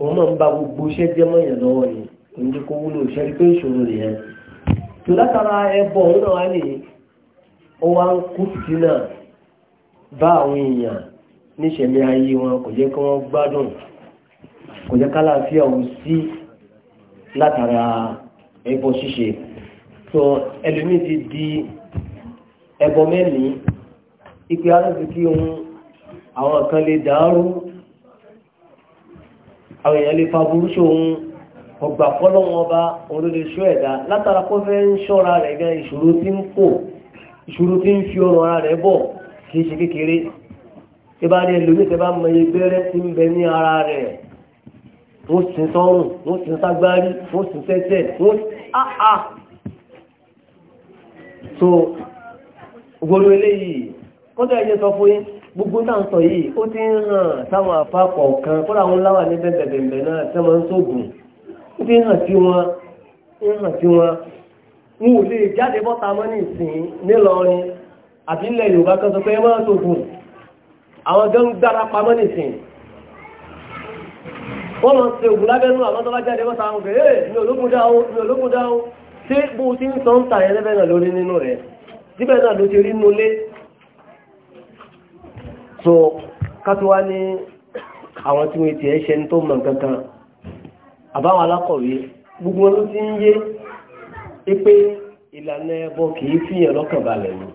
òun náà ń ba gbogbo iṣẹ́ jẹ́ mọ́yàn lọ́wọ́ ni kò ní kó wúlò iṣẹ́ rí pé ìṣòro nìyẹn tó látara ẹbọ òun náà wá nìyí ó wá ń kú sí náà bá àwọn èèyàn níṣẹ̀mí ayé wọn kò jẹ́ kí wọ́n gbádùn kò jẹ́ kálàáfíà ò sí látara ẹbọ ṣíṣe tó ẹlòmíì ti di ẹbọ mẹ́rin ìpè arábìkí ohun àwọn kan lè dàárú àwọn èèyàn lè faburú ṣòun ọgbà fọ́lọ́wọ́n ọba olóde ṣó ẹ̀dá látara kó fẹ́ ń ṣọ́ra rẹ̀ gan ìṣòro tí ń pò ìṣòro tí ń fi ọrọ̀ ara rẹ̀ bọ̀ kì í ṣe kékeré tí bá rí ẹlòmíì tẹ́ bá mọ iye gbẹ́rẹ́ tí ń bẹ ní ara rẹ̀ wọ́n sì sọ́rùn wọ́n sì ságbárí wọ́n sì tẹ́tẹ́ wọ́n áhà so gbogbo eléyìí kọ́ńtà ẹ̀jẹ̀ sọ fún yín gbogbo táwọn sọ yìí ó ti ń hàn sáwọn àpapọ̀ kan kó làwọn láwà ní bẹ́ẹ̀bẹ̀ẹ̀bẹ̀ náà tí wọ́n ń sóògùn ó ti ń hàn sí wọn ń hàn sí wọn ń wò lè jáde bọ́ta mọ́ ní ìsìn nílọrin àbí ilẹ̀ Yorùbá kan sọ pé ẹ máa sóògùn àwọn gan gbára pamọ́ ní ìsìn wọ́n lọ sí ògùn lábẹ́nú àwọn tó bá jáde bọ́ta àwọn òkè ẹ̀ ní ológun dáhùn ní ológun dáhùn tí bó ti ń sọ ń tà yẹn lẹ́bẹ̀ẹ́ náà lórí nínú rẹ̀ síbẹ̀ náà ló ti rí nulẹ̀ so kátó wá ní àwọn tí wọ́n ti ẹ̀ ṣe tó mọ̀ kankan àbáwọn alákọ̀wé gbogbo ló ti ń yé pé ìlànà ẹbọ kìí fìyàn lọ́kàn balẹ̀ ni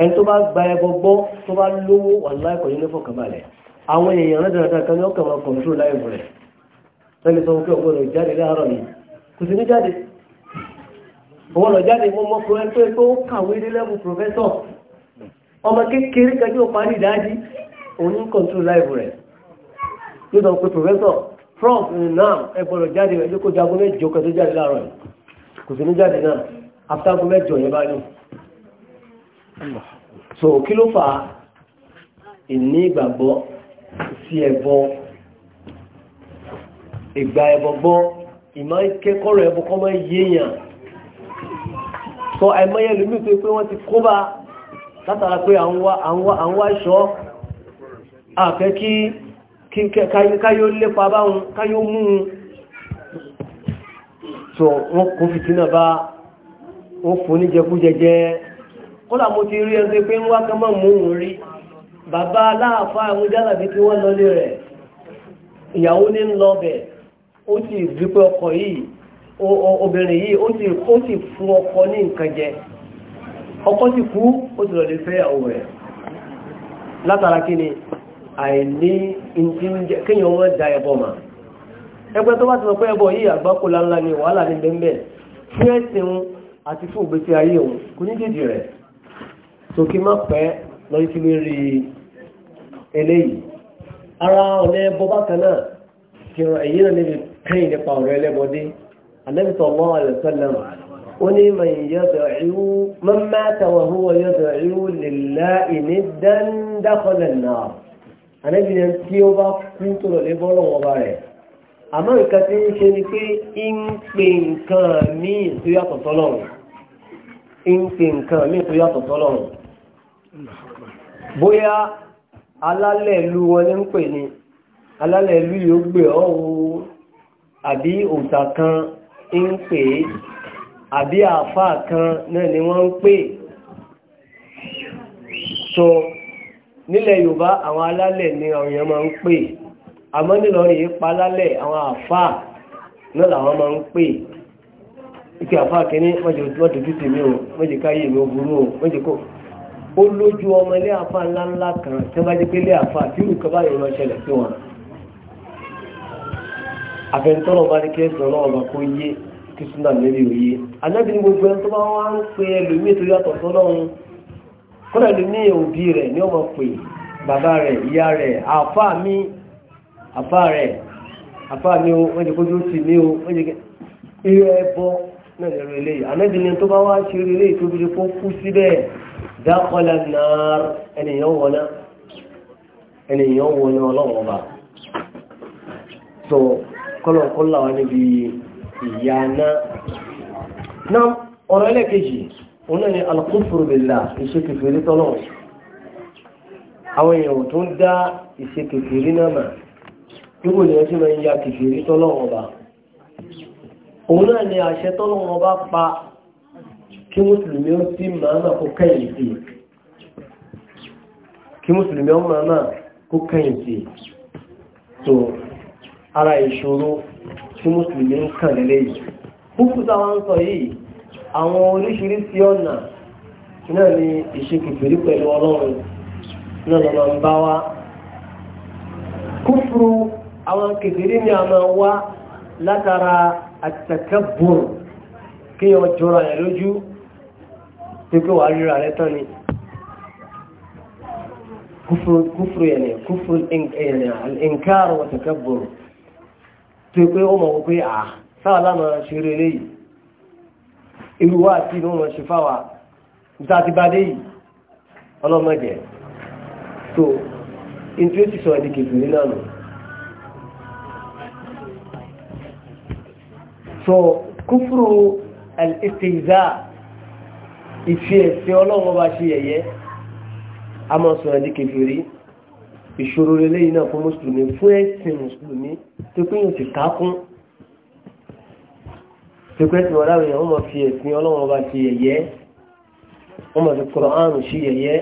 ẹni tó bá gba ẹbọ gbọ́ tó bá lówó wà láìkọ̀ yóò lọ́fọ̀ kan balẹ̀ àwọn èèyàn rẹ̀ dáadáa kan ní ọkàn wọn kọ̀ǹtró láìpọ̀ rẹ̀ lẹ́ni sọ pé ọgbọ́n ìjáde ọmọ kékeré kẹjọ parí ìdájí òun ní kọ̀ntún láìbù rẹ̀ yóò dán pé pòfẹ́sọ̀ prof nam ẹgbọ́dọ̀ jáde rẹ̀ lókò jago mẹ́jọ kẹjọ jáde láàárọ̀ yìí kò sí ní jáde náà aftago mẹ́jọ yẹn bá ní. so kí ló fà á ìní ìgbàgbọ́ sí ẹbọ ìgbà ẹbọ gbọ́ ìmọ̀ ìkẹ́kọ̀ọ́ rẹ̀ ẹbọ kọ́ mọ́ yéèyàn sọ àìmọye lómi tó pé wọ́n ti kó bá látara pé àwọn wáṣọ́ àfẹ́ kí káyó lépa báhun káyó mú un so wọ́n kó fìtínà bá wọ́n fún ní jẹkújẹjẹ kọ́lá mo ti rí ẹgbẹ́ pé ń wá kán mọ́ mú un rí bàbá aláàfá àwọn jálàbí tí wọ́n lọlé rẹ̀ ìyàwó ní ń ó sì ọkọ yìí obìnrin yìí ó sì fún ọkọ ní nǹkan ọkọ sì kú ó ti lọ́lẹ̀ fẹ́ ọwọ́ rẹ̀ látara kí ni àìní kéèyàn wọ́n da ẹbọ mà ẹgbẹ́ tó bá ti sọ pé yìí àgbákò láńlá ni wàhálà ní bẹ́ńbẹ́ fún ẹ̀sìn àti fún ìgbésí ayé òun kò ní dìdì rẹ̀ tó kí má pẹ́ lọ́yí sí lórí eléyìí ara ọ̀nà ẹbọ bákan náà kí ẹ̀yìn náà níbi kẹ́yìn nípa ọ̀rọ̀ ẹlẹ́bọdé anẹ́bìtọ̀ mọ́ وني من يدعو من مات وهو يدعو لله ندا دخل النار أنا بين تيوبا كنت لبولو وباري àmọ́ nǹkan tí ń ṣe ni pé ń pè nǹkan míì tó yàtọ̀ tọ́lọ́run ń pè nǹkan míì tó yàtọ̀ tọ́lọ́run bóyá alálẹ̀ ìlú wọn ní ń pè ní alálẹ̀ ìlú yóò gbé ọ́ wo àbí òòtà kan ń pè é àbí àáfàá kan náà ni wọ́n ń pè so nílẹ̀ yorùbá àwọn alálẹ̀ ni àwọn èèyàn máa ń pè àmọ́ nílọrin yìí pa alálẹ̀ àwọn àáfàá náà làwọn máa ń pè ike àfáà kìíní mọ́jọ títì o mọ́jọ káyé mi ò burú o mọ́jọ kò ó lójú ọmọ ilé ńláńlá kan tí wọ́n bá jẹ́ pé ilé àfáà tí ìrùkọ́ bá yọ̀ lọ ṣẹlẹ̀ sí wọn. àfẹnitọ́nà bá ní kí kí súnà níbi òye anábì ní gbogbo ẹni tó bá wá ń pe ẹlòmíì tó yàtọ̀ sọ́lọ́run kọ́dà ẹlòmíì òbí rẹ̀ ni ọmọ pè bàbá rẹ̀ ìyá rẹ̀ àfá mi àfá rẹ̀ àfá mi o wọ́n jẹ́ kójú ó sì ní o wọ́n jẹ́ irú ẹbọ náà lẹ́rọ eléyìí anábì ní tó so kọ́lọ̀ kọ́lọ̀ wá níbi ìyáná náà ọ̀rọ̀ ẹlẹ́kejì òun náà ni alkufru billah ìṣekèfèrè tọ́lọ̀ àwọn èèyàn tó ń dá ìṣekèfèrè náà mà nígbò ní ọjọ́ máa ń ya kèfèrè tọ́lọ̀ ọba òun náà ni àṣẹ tọ́lọ̀ ọba pa kí mùsùlùmí ó sì máa máa kó kẹ́yìn kí mùsùlùmí ó máa kó kẹ́yìn so ara ìṣòro tí mùsùlùmí ń kàn lélẹ́ yìí kúkú táwọn ń sọ yìí àwọn oríṣiríṣi ọ̀nà náà ni ìṣekùfèrí pẹ̀lú ọlọ́run náà lọ́nà ń bá wá kúfùrù àwọn kèfèrí ni a máa wá látara àtàkàbùrù kí wọ́n jọra ẹ̀ lójú pé pé wàá ríra rẹ tán ni kúfùrù yẹn ni kúfùrù al-inkar wa tó pé ó mọ̀ pé à sáà lámọ̀ ṣe rere yìí irú wa àti ìlú wọn ṣe fáwa níta ti bá dé yìí ọlọ́mọdé tó ntí ó ti sọ ẹ̀dí kejìlí náà nù. so kúfúrú al-istihza ìfi ẹ̀sìn ọlọ́run ọba ṣe yẹ̀yẹ́ a máa sọ ẹ̀dí ìṣòro lélẹ́yìn náà fún mùsùlùmí fún ẹ̀sìn mùsùlùmí tó pé yóò ti kákún tó pé ẹ̀sìn ọ̀rá èèyàn wọ́n mọ̀ fi ẹ̀sìn ọlọ́run ọba ṣe yẹ̀yẹ́ wọ́n mọ̀ fi kọ̀ọ̀ánù ṣe yẹ̀yẹ́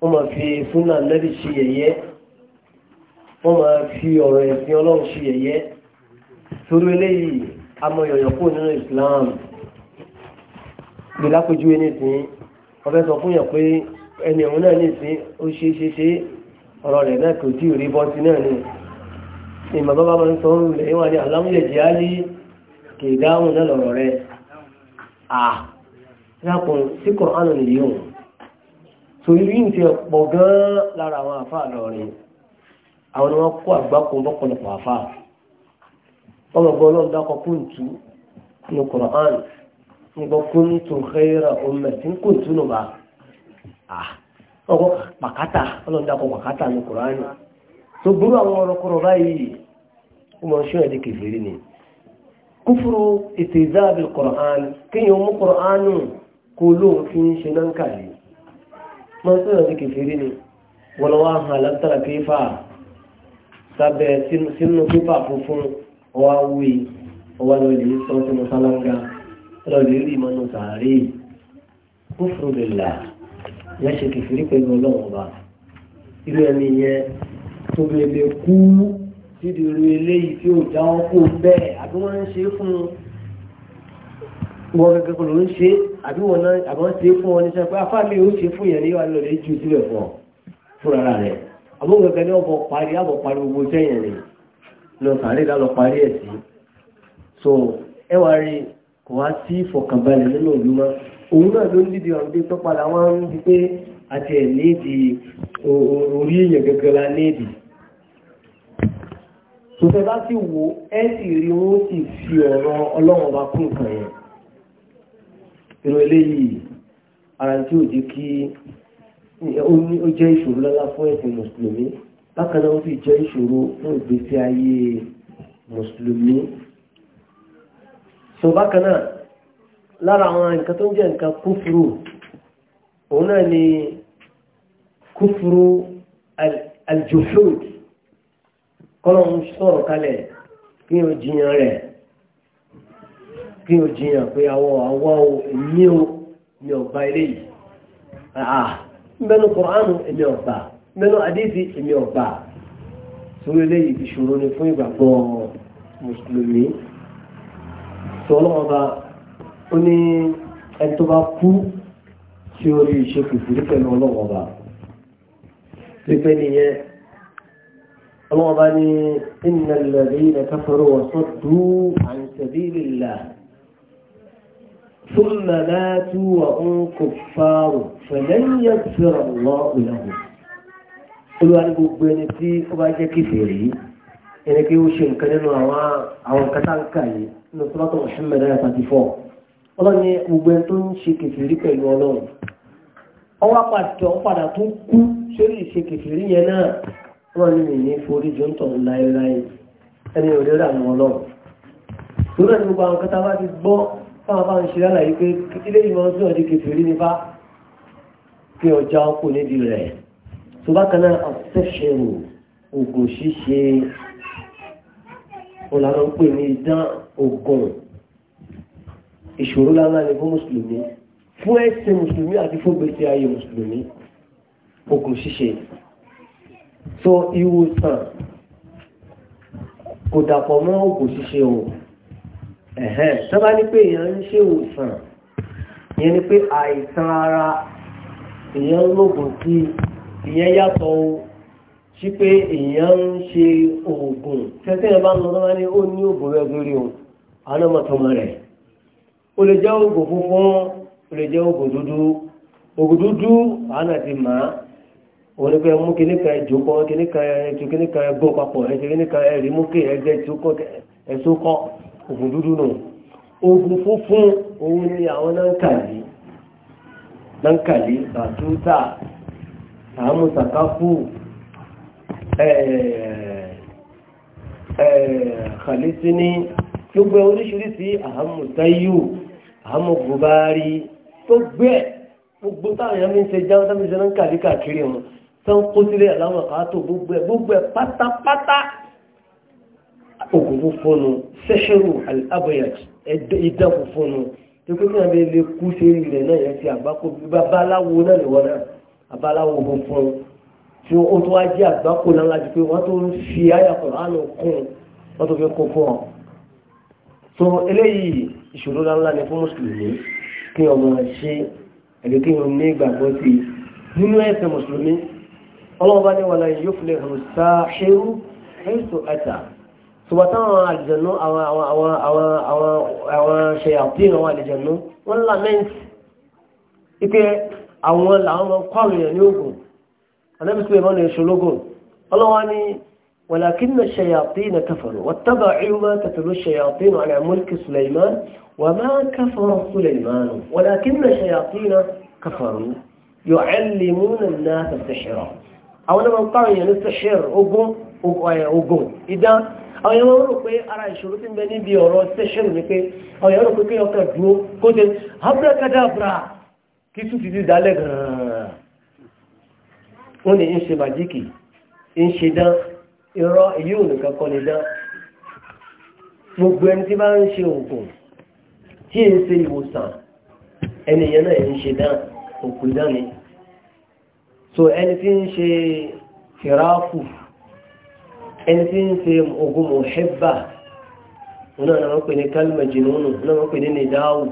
wọ́n mọ̀ fi súnà lẹ́bí ṣe yẹ̀yẹ́ wọ́n mọ̀ fi ọ̀rọ̀ ẹ̀sìn ọlọ́run ṣe yẹ̀yẹ́ torí eléyìí amọ̀yọ̀yọ̀ kò nínú Islam gbé lápẹjú ẹni sìn ọbẹ̀ sọ fún yàn pé ẹni òun náà ní sìn ó ṣe é ṣe ṣe ọ̀rọ̀ rẹ̀ náà kò tí ò rí bọ́sí náà ni ni bàbá bá máa ń sọ orí rẹ̀ wọ́n ni àlámúyẹ̀ jẹ́ á ní kì í dáhùn náà lọ̀rọ̀ rẹ̀ à lápọn sí so irú yìí ti pọ̀ gan ni wọ́n kó àgbákò bọ́pọ̀lọpọ̀ àfa ọmọ ọgbọ́n náà dákọ̀ kúntù ní kọ̀ọ̀ánù nígbà kúntù khayra ummatin kúntù nù bá ọkọ̀ màkátà ọlọ́dàkọ̀ màkátà ní kùránì tó burú àwọn ọ̀rọ̀kọ̀rọ̀ báyìí ó mọ̀ ṣọ́ ẹ̀dẹ́ kèfèrí ni kúfúrú ètò ìzáàbìl kùránì kíyàn mú kùránì kó lóun fi ń ṣe náà kàlẹ̀ mọ̀ ṣọ́ ẹ̀dẹ́ kèfèrí ni wọlọ́wọ́ hàn látara pépà sábẹ́ sínú pépà funfun ọwá wí ọwá lọ́ọ̀lì sọ́ọ́sì mọ́sálángá lọ́ọ̀lì rí mọ́nù sàárè kúfúrú lè yẹn ṣe kìfìrí pẹ̀lú ọlọ́run ọba irú ẹni yẹn tó lè kú títí irú eléyìí tí já jáwọ́ kó bẹ́ẹ̀ àbí wọ́n ń ṣe fún un wọ́n gẹ́gẹ́ kò ló ń ṣe àbí wọ́n náà àbọ̀ ṣe fún wọn níṣẹ́ pé afá mi ò ṣe fún yẹn ní wàá lọ́lẹ̀ jù sílẹ̀ fún ọ fúnra rẹ̀ àbọ̀ gẹ́gẹ́ ní ọ̀bọ̀ parí àbọ̀ parí gbogbo sẹ́yìn rẹ̀ lọ sàárè lálọ́ parí ẹ̀ sí so ẹ wá rí kò wá sí ìfọ̀kànbalẹ̀ nínú òlú òun náà ló ń dìde ọ̀dẹ́ tó padà wọ́n ń di pé àti ẹ̀ nídi orí èèyàn gẹ́gẹ́ la nídi tó fẹ́ bá sì wo ẹ́ sì rí wọ́n sì fi ọ̀rọ̀ ọlọ́run bá kún nǹkan yẹn irú eléyìí ara tí ò jẹ́ kí ó jẹ́ ìṣòro lọ́lá fún ẹ̀sìn mùsùlùmí bákan náà ó sì jẹ́ ìṣòro fún ìgbésí ayé mùsùlùmí so bákan náà lára àwọn nǹkan tó ń jẹ́ nǹkan kúfúrú òun náà ni kúfúrú aljuhud kọ́lọ̀ ń sọ̀rọ̀ kalẹ̀ kí o jiyàn rẹ̀ kí o jiyàn pé àwọ̀ àwọ̀ èmi ò mi ò gba ilé yìí àà mbẹ́nu kọ̀ránù èmi ò gbà mbẹ́nu àdíìsì èmi ò ìṣòro ni fún ìgbàgbọ́ mùsùlùmí sọlọ́mọba ó ní ẹ̀tọ́ bá kú tí ó rí ìṣe kùfùrí pẹ̀lú ọlọ́wọ́n bá pípẹ́ nìyẹn ọlọ́wọ́n bá ní innal ladhina kafaru wa saddu an sabilillah thumma matu wa hum kuffaru falan yaghfira Allahu lahum olúwa ní gbogbo ẹni tí ó bá jẹ́ kèfèrí ẹni pé ó ṣe nǹkan nínú àwọn àwọn kátàǹkà yìí nínú sọ́lọ́tọ̀ Muhammad ayat 34 ọlọ́run ni gbogbo ẹ tó ń ṣe kèfèrí pẹ̀lú ọlọ́run ọwọ́ apàtọ̀ padà tó kú sórí ìṣe kèfèrí yẹn náà ọlọ́run ni mi ní forí jọ ń tọ̀ láéláé ẹni ò lérà mọ́ ọlọ́run lórí ẹni gbogbo àwọn kẹta bá ti gbọ́ fáwọn bá ń ṣe lálàyé pé ilé ìmọ̀ sí ọ̀dí kèfèrí ni bá kí ọjà ọkọ̀ níbi rẹ̀ tó bá kan náà àṣẹṣẹrò ògùn ṣíṣe ọ̀làrọ̀ ń pè ní idán ògùn ìṣòro lánàá ni fún mùsùlùmí fún ẹ̀sìn mùsùlùmí àti fún gbèsè ayé mùsùlùmí okùn ṣíṣe sọ ìwòsàn kò dàpọ̀ mọ́ okùn ṣíṣe o ẹ̀hẹ́n sábà ní pé èèyàn ń ṣe ìwòsàn ìyẹn ni pé àìsàn ara èèyàn ń lògùn sí ìyẹn yàtọ̀ o sí pé èèyàn ń ṣe oògùn tẹ́tẹ́ yẹn bá ń lọ sọ́wọ́ ní ó ní oògùn rẹ̀ lórí o àwọn ọmọ tọmọ rẹ̀. ó lè jẹ́ ògò funfun ó lè jẹ́ ògò dúdú ògò dúdú àánà ti mà á òun ni pé mú kíní ẹjọ kọ kíní kan ẹjọ kíní kan ẹgbọn papọ̀ ẹjọ kíní ẹrí mú kí ẹjẹ kọ dúdú nù funfun òun ni àwọn náà ń kà yìí náà ń kà yìí àmọ̀gùn bá rí tó gbé ẹ̀ gbogbo táwọn èèyàn mi ń ṣe jáwọ́ táwọn ìṣẹ́ náà ń kàdí káàkiri wọn tó ń kó sílẹ̀ láwọn àkàtò gbogbo ẹ̀ gbogbo ẹ̀ pátápátá ògùn fúnnu sẹ́ṣẹ́rù alábọ̀yàjì ìdá fúnnu tó kí wọ́n lè lè kú sí ilẹ̀ náà yẹn ti àgbákò babaláwo náà lè wọ́n náà abaláwo fúnfún tí ó tó fi kún fún ọ so eléyìí ìṣòro ńláńlá ni fún mùsùlùmí kí ọmọ ṣe ẹ̀dẹ̀ kí wọn ní ìgbàgbọ́ sí nínú ẹ̀sẹ̀ mùsùlùmí ọlọ́ọ̀bá ní wàlá yóò fi lè hàn sá ṣerú ẹ̀ta ولكن الشياطين كفروا واتبعوا ما تتلو الشياطين على ملك سليمان وما كفر سليمان ولكن الشياطين كفروا يعلمون الناس السحر أو لما قالوا يعني السحر أقوم أقوم إذا أو يوم رقي أرى الشروط بني بيورو السحر أو يوم رقي كي يقرأ كوتن هبرا كدابرا كيسو تدي دالك وني إنشي ماجيكي إنشي دان irọ́ èyí ò nìkan kọ́ ni dán gbogbo ẹni tí bá ń ṣe oògùn tí èyí ṣe ìwòsàn ẹnìyẹn náà ń ṣe dán òkú dán ni so ẹni tí ń ṣe fìràfù ẹni tí ń ṣe oògùn mọ̀hẹ́bà náà náà wọ́n pè ní kálímẹ̀jìnnú náà wọ́n pè ní nìdáwù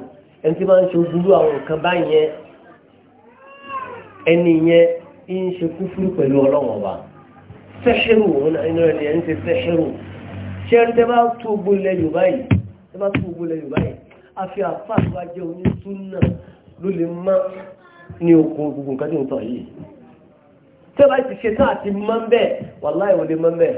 ẹni tí bá ń ṣe ogúrú àwọn nǹkan báyẹn ẹni yẹn ń ṣe kúfúrú pẹ̀lú ọlọ́wọ̀n wa sẹ́ṣẹ̀rù inú ẹ̀dẹ̀ ń ṣe sẹ́ṣẹ̀rù ṣe ń tẹ́ bá tó gbólẹ̀ yorùbá yìí tẹ́ bá tó gbólẹ̀ yorùbá yìí a fi àfáàfáà jẹ́ onítúnà ló lè má ní okun gbogbo nǹkan yìí tẹ́ bá ti ṣe tán àti má ń bẹ̀ wàláhì wọlé má ń bẹ̀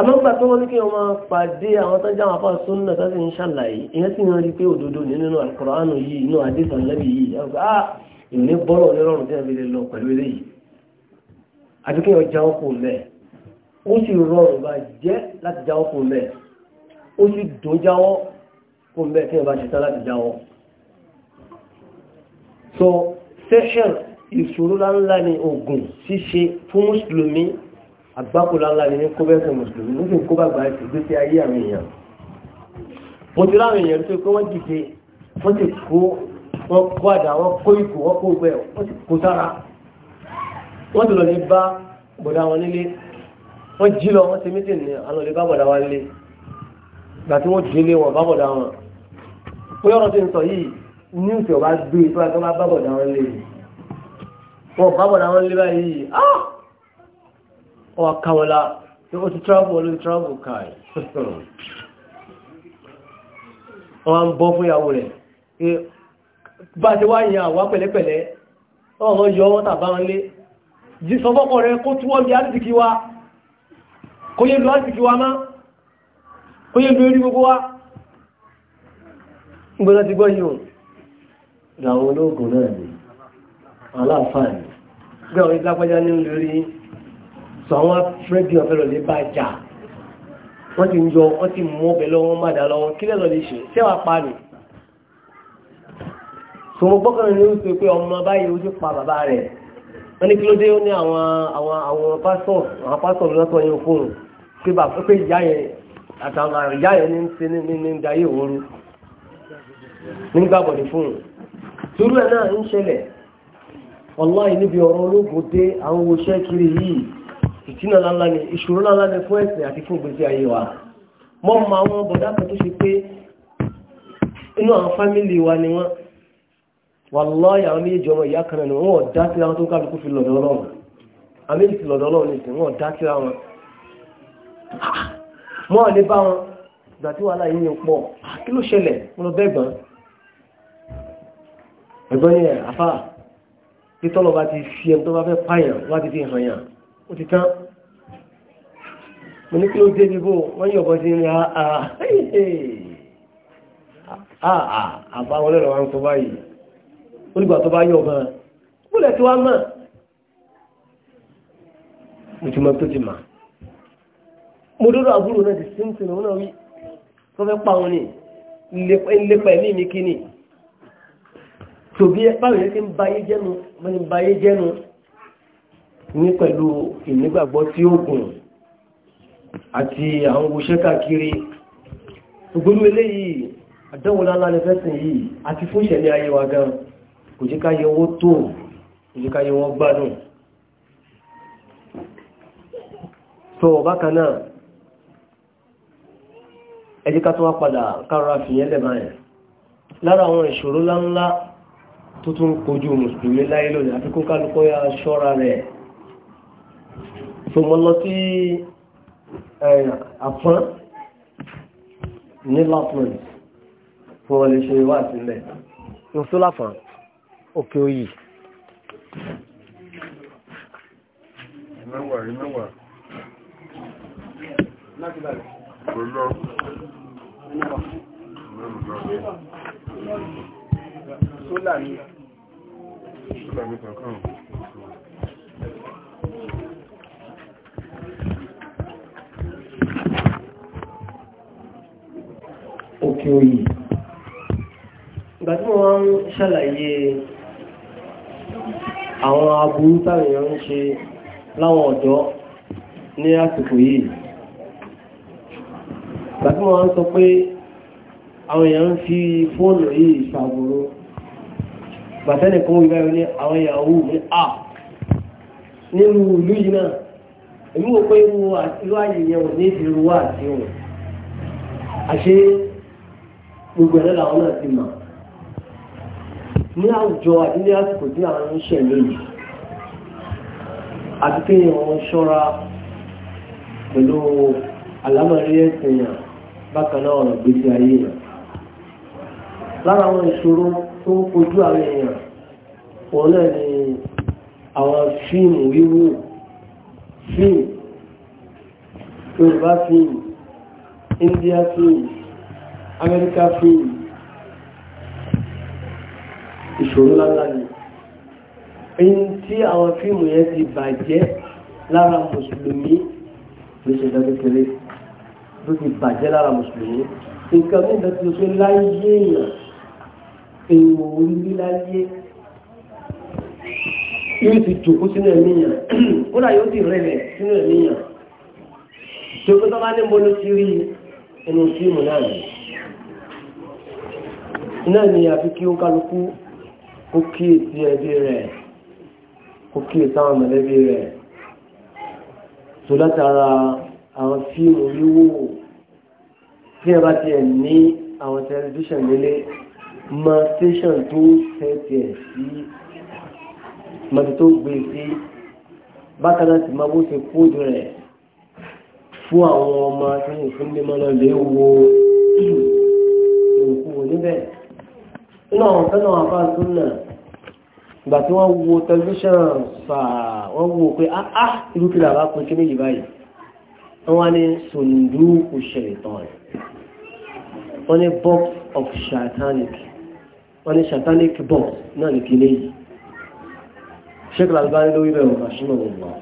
àmọ́gbà tó wọ́n ní kí wọ́n máa pàdé àwọn tó jáwọn afọ́ súnnà tó sì ń ṣàlàyé ìyẹn sì ń rí pé òdodo nínú àkọ̀ránù yìí inú àdéhùn lẹ́bí yìí ah ìní bọ́rọ̀ onírọ̀rùn tí wọ́n fi lè lọ pẹ̀lú eré yìí àti kí wọ́n já ọkọ̀ lẹ̀ ó sì rọrùn bá jẹ́ láti já ọkọ̀ lẹ̀ ó sì dùn jáwọ́ kó mẹ́ kí wọ́n bá ṣetán láti jáwọ́ so sẹ́ṣẹ̀n ìṣòro láńlá ni ògùn ṣíṣe fún mùsùlùmí àgbákòlá ńlá ni ní kó bẹ́ẹ̀ sọ mùsùlùmí ló sì ń kó bàgbà ìgbésí ayé àwọn èèyàn mo ti láwọn èèyàn tó kó wọ́n dìde wọ́n ti kó wọ́n kó àdá wọ́n kó ìgò wọ́n kó gbẹ wọ́n ti kó sára wọ́n ti lọ ní bá bọ̀dá wọn nílé wọ́n jí lọ wọ́n ti mí tìǹ ní àwọn olè bá bọ̀dá wọn nílé gbà tí wọ́n délé wọn bá bọ̀dá wọn pé ọ̀rọ̀ ti ń sọ yìí níwùsì ọba gbé bá bá ah ọwà káwọlá ó ti travel olóyìn travel káì ọwà ń bọ́ fún ìyàwó rẹ̀ bá ti wá ìyàn àwá pẹ̀lẹ́pẹ̀lẹ́ ọ̀rọ̀ yọ wọ́n tàbá wọn lé jí sọ fọ́kọ̀ rẹ̀ kó túwọ́ bí àdìsíkí wa kó yé lu àdìsíkí wa má kó yé lu orí gbogbo wa gbọ́nà ti gbọ́ yìí ìlàwọn olóògùn náà ni aláàfáà ni gbẹ́ sọ àwọn fúrẹ́dì ọ̀fẹ́ lọ lè bá jà wọ́n ti ń yọ wọ́n ti mú ọbẹ̀ lọ́wọ́ wọ́n má dà lọ́wọ́ kí lẹ́lọ́ lè ṣe ṣé wàá pa nì. sọ̀rọ̀ gbọ́kànlá ni ó sọ pé ọmọ báyìí ó ti pa bàbá rẹ̀ wọ́n ní kí ló dé ó ní àwọn àwọn àwọn pásọ̀ àwọn pásọ̀ lọ́tọ̀ yẹn fóònù pé bàbá pé ìyá yẹn àtàwọn ìyá yẹn ní ń ṣe ní ní ń dayé òru nígbàgbọ́ ní fóònù. torí ẹ̀ náà ń ṣẹlẹ̀ wàláhì níbi ọ̀rọ̀ ológun dé àwọn oṣẹ́ kiri yìí ìtìnà lánlá ni ìṣòro lánlá ni fún ẹ̀sìn àti fún ìgbésí ayé wa mọ́ ma wọn bọ̀dá kan tó ṣe pé inú àwọn fámìlì wa ni wọ́n wàláhì àwọn méjì ọmọ ìyá kan náà ni wọ́n dá sí àwọn tó ń kálukú fi lọ́dọ̀ ọlọ́run àmì ìsì lọ́dọ̀ ọlọ́run nìsín wọ́n dá sí àwọn mọ́ ọ̀ lé bá wọn ìgbà tí wàhálà yìí ń pọ̀ kí ló ṣẹlẹ̀ mo lọ bẹ́ẹ̀ gbọ́n ẹ̀gbọ́n yẹn àfà tí tọ́lọ̀ bá ti fi ẹni tó bá fẹ́ pààyàn wá ti fi hàn yàn ó ti tán mo ní kí ló dé bí bó wọ́n yọ̀ bọ́ sí ní ah, ah, ah, àbáwọn lọ́rọ̀ wa ń sọ báyìí onígbà tó bá yọ̀ gan-an ó lẹ̀ tí wá mọ̀ mo ti mọ tó ti mà mo dọ́dọ̀ àbúrò náà ti síntìn òun náà wí tó fẹ́ pa òun ni ìlépa ẹ̀mí mi kí ni tòbí báwo ni ti ní pẹ̀lú ìnígbàgbọ́ tí ó gùn àti àwọn oṣẹ́ káàkiri ògbólú eléyìí àdánwòlá lálẹ́fẹ́sìn yìí àti fún ìṣẹ̀lẹ̀ ayé wa gan kò jẹ́ ká yẹ owó tó kò jẹ́ ká yẹ wọ́n gbádùn tó bákan náà ẹ jẹ́ ká tó wá padà kára fìyẹn lẹ́bàá yẹn lára àwọn ìṣòro láńlá tó tún kojú mùsùlùmí láyé lónìí àfikún kálukọ́ yá ṣọ́ra rẹ̀ tó mọ́ lọ sí àfán ní lafman fún ọlẹ́ ṣe wà sílẹ̀ ní sólàfán òkè òyì mẹ́wàá rí Pẹ̀lú ọ̀pọ̀. Sólà ní. Sólà ní kankan. fi oyè ìgbà wọ́n ṣàlàyé àwọn aburú táwọn ń ṣe láwọn ọ̀dọ́ ní àsìkò yìí ìgbà wọ́n sọ pé àwọn èèyàn ń fi fóònù yìí ṣàbòrò gbàtẹ́lẹ̀ kan wíwá ní àwọn ìyàwó ní à nínú ìlú yìí náà èmi wò pé irú àti irú àyè yẹn ò ní ìfìrúwà àti òun àṣẹ gbogbo ẹ̀rọ làwọn náà ti mọ̀ ní àwùjọ àti ní àsìkò tí àwọn ń ṣẹ̀lẹ̀ yìí àti pé wọ́n ṣọ́ra pẹ̀lú àlámọ̀rí ẹ̀sìn yàn bákan náà ọ̀rọ̀ gbèsè ayé yàn lára àwọn ìṣòro tó ń kojú àwọn èèyàn òun náà ni àwọn fíìmù wíwò fíìmù Yorùbá fíìmù India fíìmù amẹ́ríkà fi ìṣòro lára ní ẹni tí àwọn fíìmù yẹn ti bàjẹ́ lára mùsùlùmí ló ṣe dákẹ́kẹ́rẹ́ ló ti bàjẹ́ lára mùsùlùmí nǹkan mí ìdájọ́ tó ṣe láyé èèyàn èèyàn orí ní láyé yóò ti jòkó sínú ẹ̀mí yàn kódà yóò ti rẹ̀lẹ̀ sínú ẹ̀mí yàn jòkó tó bá ní mo ló iná ni àfi kí ó kálukú kó kíyèsí ẹbí rẹ̀ kó kíyèsí àwọn mọ̀lẹ́bí rẹ̀ tó látara àwọn fíìmù wíwò tí ẹ bá tiẹ̀ ní àwọn tẹlifíṣàn nílé ma tẹ̀sán tó sẹ́tẹ̀ sí mọ̀tí tó gbé e sí bákan ti máa bó ṣe kóòdù rẹ̀ fún àwọn ọmọ tí wọ́n fún lé mọ́ wo ìlú òkú níbẹ̀ nínú àwọn fẹ́nà àbá súnà ìgbà tí wọ́n wo tẹlifíṣàn fà wọ́n wo pé áá ah, ah, irú kí làbá pín kíní yìí báyìí wọ́n wá ní sunduku shaitan wọ́n ní box of satanic wọ́n ní satanic box náà ní kíní yìí sheikh lalbani lórí bẹ̀rù màṣínà ọ̀gbọ̀n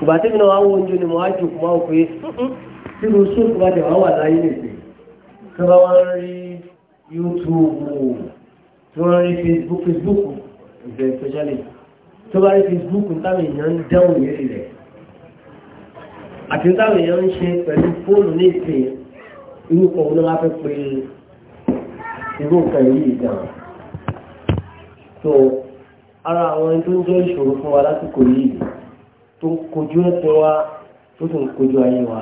ìgbà tí mi náà wá wo oúnjẹ ni mo á jù kó máa wò pé tí mo sún ìgbà tí wàá wà láyé nìyí tí wọ́n wá ń rí YouTube tí wọ́n rí Facebook Facebook ìbẹ̀rẹ̀ especially tó bá rí Facebook táwọn èèyàn ń dáhùn lérí rẹ̀ àti táwọn èèyàn ń ṣe pẹ̀lú fóònù ní ìpè inú kan ló máa fẹ́ pe irú nǹkan yìí gan so ara àwọn ẹni tó ń jẹ́ ìṣòro fún wa lásìkò yìí tó ń kojú ẹ̀sẹ̀ wa tó sì ń kojú ayé wa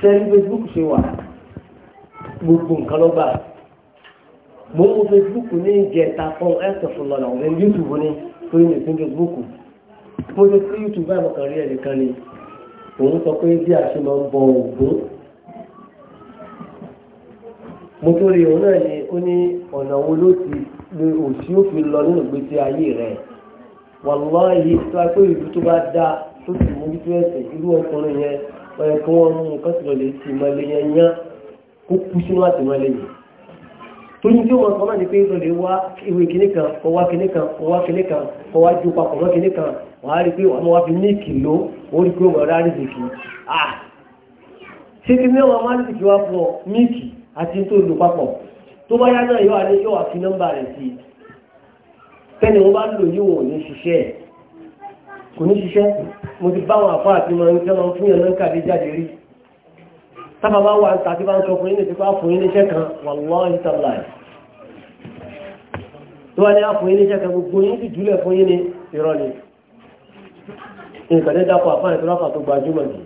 sẹ́ni Facebook ṣe wà gbogbo nǹkan lọ́gbà mo ń facebook ní ìjẹta kan ẹsẹ̀ fún lọ́la ọ̀rẹ́ youtube ní torí mi fún facebook mo ti sí youtube báyìí mo kàn rí ẹ̀rí kan ni òun sọ pé bí a ṣe máa ń bọ ògún mo tó rí òun náà ni ó ní ọ̀nà wo ló ti lè òsì ó fi lọ nínú ìgbésí ayé rẹ̀ wàlúwàyí tó a pé ìlú tó bá dáa tó sì mú bí tó ẹsẹ̀ irú ọkùnrin yẹn ọ̀yẹ̀ kí wọ́n mú un kọ́sìlọ́lẹ̀ ti mọ́lẹ̀ yẹn yán kó kú sínú àtìmọ́lẹ̀ yìí tó ní tí wọ́n sọ máa ní pé lọ́lẹ̀ wá ìwé kìíní kan ọwá kìíní kan ọwá kìíní kan ọwá ju papọ̀ mọ́ kìíní kan wà á rí pé wọ́n wá fi ní ìkìló orí pé wọ́n rárí zèkì ah ṣé kí ní wọ́n máa ń zèkì wá pọ̀ míìkì àti tó lò papọ̀ tó bá yá náà yóò wá ní yóò wá fi nọ́mbà rẹ̀ sí i tẹ́ni wọ́n bá lò yìí ní ṣiṣẹ́ tábà bá wà tàbí bá ń sọ fún yín nípa fún yín níṣẹ́ kan wallahi tallahi tó wá ní àfún yín níṣẹ́ kan gbogbo yín sì jùlẹ̀ fún yín ní irọ́ ni nǹkan ní dápọ̀ àfáàní tó ráfà tó gbajúmọ̀ jù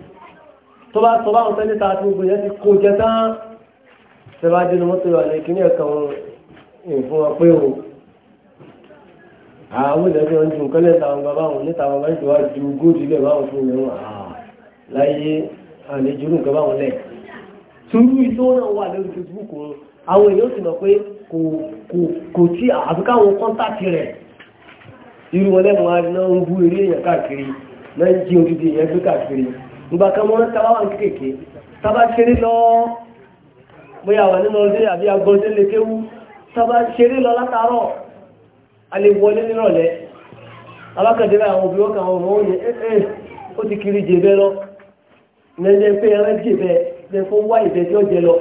tó bá sọ báwọn tẹ́lẹ̀ ta àti gbogbo yẹn ti kó jẹ tán tẹ bá dénú mọ́tò rẹ̀ ní kíní ẹ̀kan ìfún wa pé o àwọn ìdájọ́ ń ju nǹkan lẹ́ta àwọn bàbá wọn níta báwọn fún mi wọn láyé àlejò nǹkan lẹ́ẹ̀ torú ìlú náà wà lórí facebook wọn àwọn èèyàn sì mọ̀ pé kò tí àfikáwọn kọ́ńtàkì rẹ̀ irú wọn lẹ́mọ̀ á náà ń bú eré èèyàn káàkiri náà ń jí odidi èèyàn gbé káàkiri ìgbà kan mọ́ tábà wà kékèké tábà ṣeré lọ bóyá wà nínú ọdẹ àbí agbọ́dé lè kéwú tábà ṣeré lọ látàárọ̀ a lè wọlé nírọ̀lẹ́ alákàndínlẹ̀ àwọn obìnrin kan àwọn ọmọ wọn ni eh, eh, ó ti kiri jèbẹ lọ lẹ́yìn pé ẹran bẹ fún wá ìfẹ́ tí ó jẹ lọ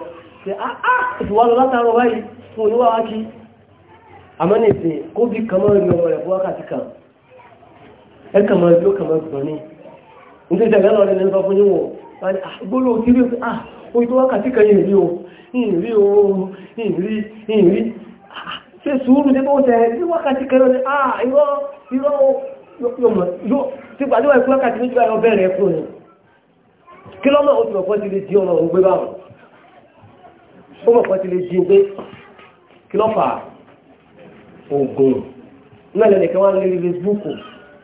ṣe áá ìwà lọ látàrọ báyìí fún oníwà wá kí àmọ́ ní ìsìn kó bí kan mọ́ ìrìn ọmọ rẹ̀ fún wákàtí kan ẹ kàn máa bí ó kàn máa gbọ̀n ní nítorí ìdàgbà lọ rẹ̀ ní sọ fún yíwọ̀n ah, gbólóò tí rí ah orí tó wákàtí kan yìí rí o ìrí ooo ìrí ìrí ṣe sùúrù tí ó tẹ̀ sí wákàtí kan ní ah irọ́ irọ́ yóò mọ̀ tí gbàdúrà ìpínlẹ̀ wákàtí méjìlá lọ bẹ̀rẹ̀ ẹ̀kọ́ ni kí lọ́mọ̀ ó ti mọ̀ pọ́n ti lè di ọ̀nà òun gbé báwọn ó mọ̀ pọ́n ti lè di pé kí lọ́fà oògùn náà lẹ́nu kí wọ́n lé Facebook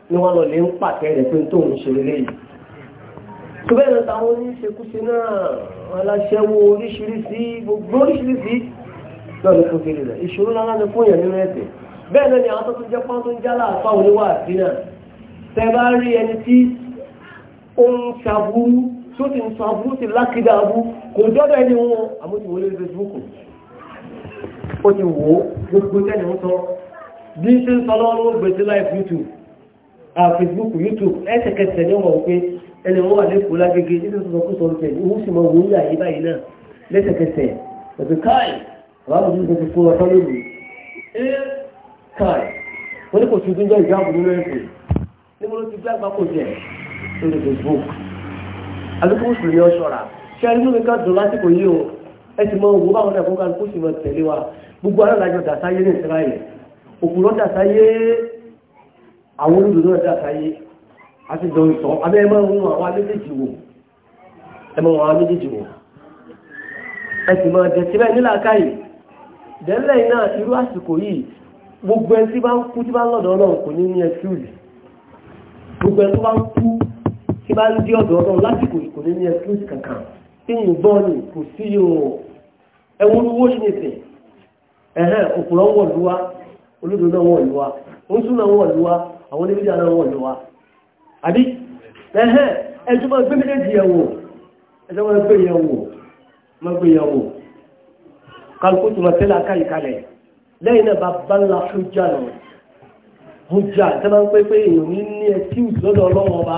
ni wọ́n lọ lè ń pàtẹ rẹ̀ pé tó ń ṣe lélẹ́yìí tó bẹ́ẹ̀ lọ táwọn oníṣekúṣe náà aláṣẹwó oríṣiríṣi gbogbo oríṣiríṣi náà ló fún kiri rẹ̀ ìṣòro náà ni fún yẹn nínú ẹ̀sìn bẹ́ẹ̀ náà ni àwọn tó tún jẹ́ pọ́n tó ń jálá àpá oníwà àti náà tẹ bá rí ẹni tí ó ń ṣaburú tó ti ń sọ aburú ti lákìdá abú kò dọ́dọ̀ ẹni wọn àmójúwọlé Facebook ó ti wò ó gbogbo tẹ́ni ń sọ bí ṣe ń sọ lọ́wọ́ ló gbèsè YouTube Facebook YouTube ẹsẹ̀kẹsẹ̀ ní ọmọ òpin ẹni wọn wà lẹ́kọ̀ọ́ lágége nínú sọ kó sọ ń tẹ̀ ìwú sì mọ wò ó yà yí báyìí náà lẹ́sẹ̀kẹsẹ̀ ẹ̀fẹ̀ káì àwọn àbúrò ti fún ọtọ́ lónìí ẹ káì wọ́n ní kò tún tó ń jẹ́ ìjáàbù nínú ẹ̀fẹ̀ níbo ló ti gbá àgbákò jẹ́ lórí Facebook àlùkò sùn ní ọ̀ṣọ́ra ṣé ẹni tó kẹ́kọ̀ọ́ dùn lásìkò yìí o ẹ ti mọ owó báwọn ẹ̀kọ́ kan kó sì mọ tẹ̀lé wa gbogbo alájọ dàsáyé ní Ísírẹ́lì òkúrọ̀ dàsáyé àwọn olùdó náà dàsáyé àti jọ ìtọ́ abẹ́ ẹmọ ohun àwọn méjèèjì wò ẹmọ àwọn méjèèjì wò ẹ sì mọ ẹ̀jẹ̀ síbẹ̀ nílà káyì dẹ́lẹ̀ náà irú àsìkò yìí gbogbo ẹni tí bá ń kú tí bá ń lọ́dọ̀ Ọlọ́run kò ní ní ẹkúrì gbogbo ẹni tó bá ń kú tí bá ń dí ọ̀dọ̀ ọlọ́run lásìkò kò ní ní ẹ̀sùn kankan tí ń gbọ́ ni kò sí yòó ẹ̀wọ̀n olówó ṣe ní ìsìn ẹ̀hẹ́ òkúrọ̀ ń wọ̀ lúwa olódò náà wọ̀ lúwa oṣù náà wọ̀ lúwa àwọn oníbíjà náà wọ̀ lúwa àbí ẹ̀hẹ́ ẹjọ́ máa gbé méjèèjì yẹ̀wò ẹjọ́ máa gbé yẹ̀wò máa gbé yẹ̀wò kálukú máa tẹ́lẹ̀ aká ìkalẹ̀ lẹ́yìn náà bá bá ńlá fújà lọ fújà tẹ́ máa ń pẹ́ pé èèyàn ní ẹtí ìlọ́dọ̀ ọlọ́wọ́ ọba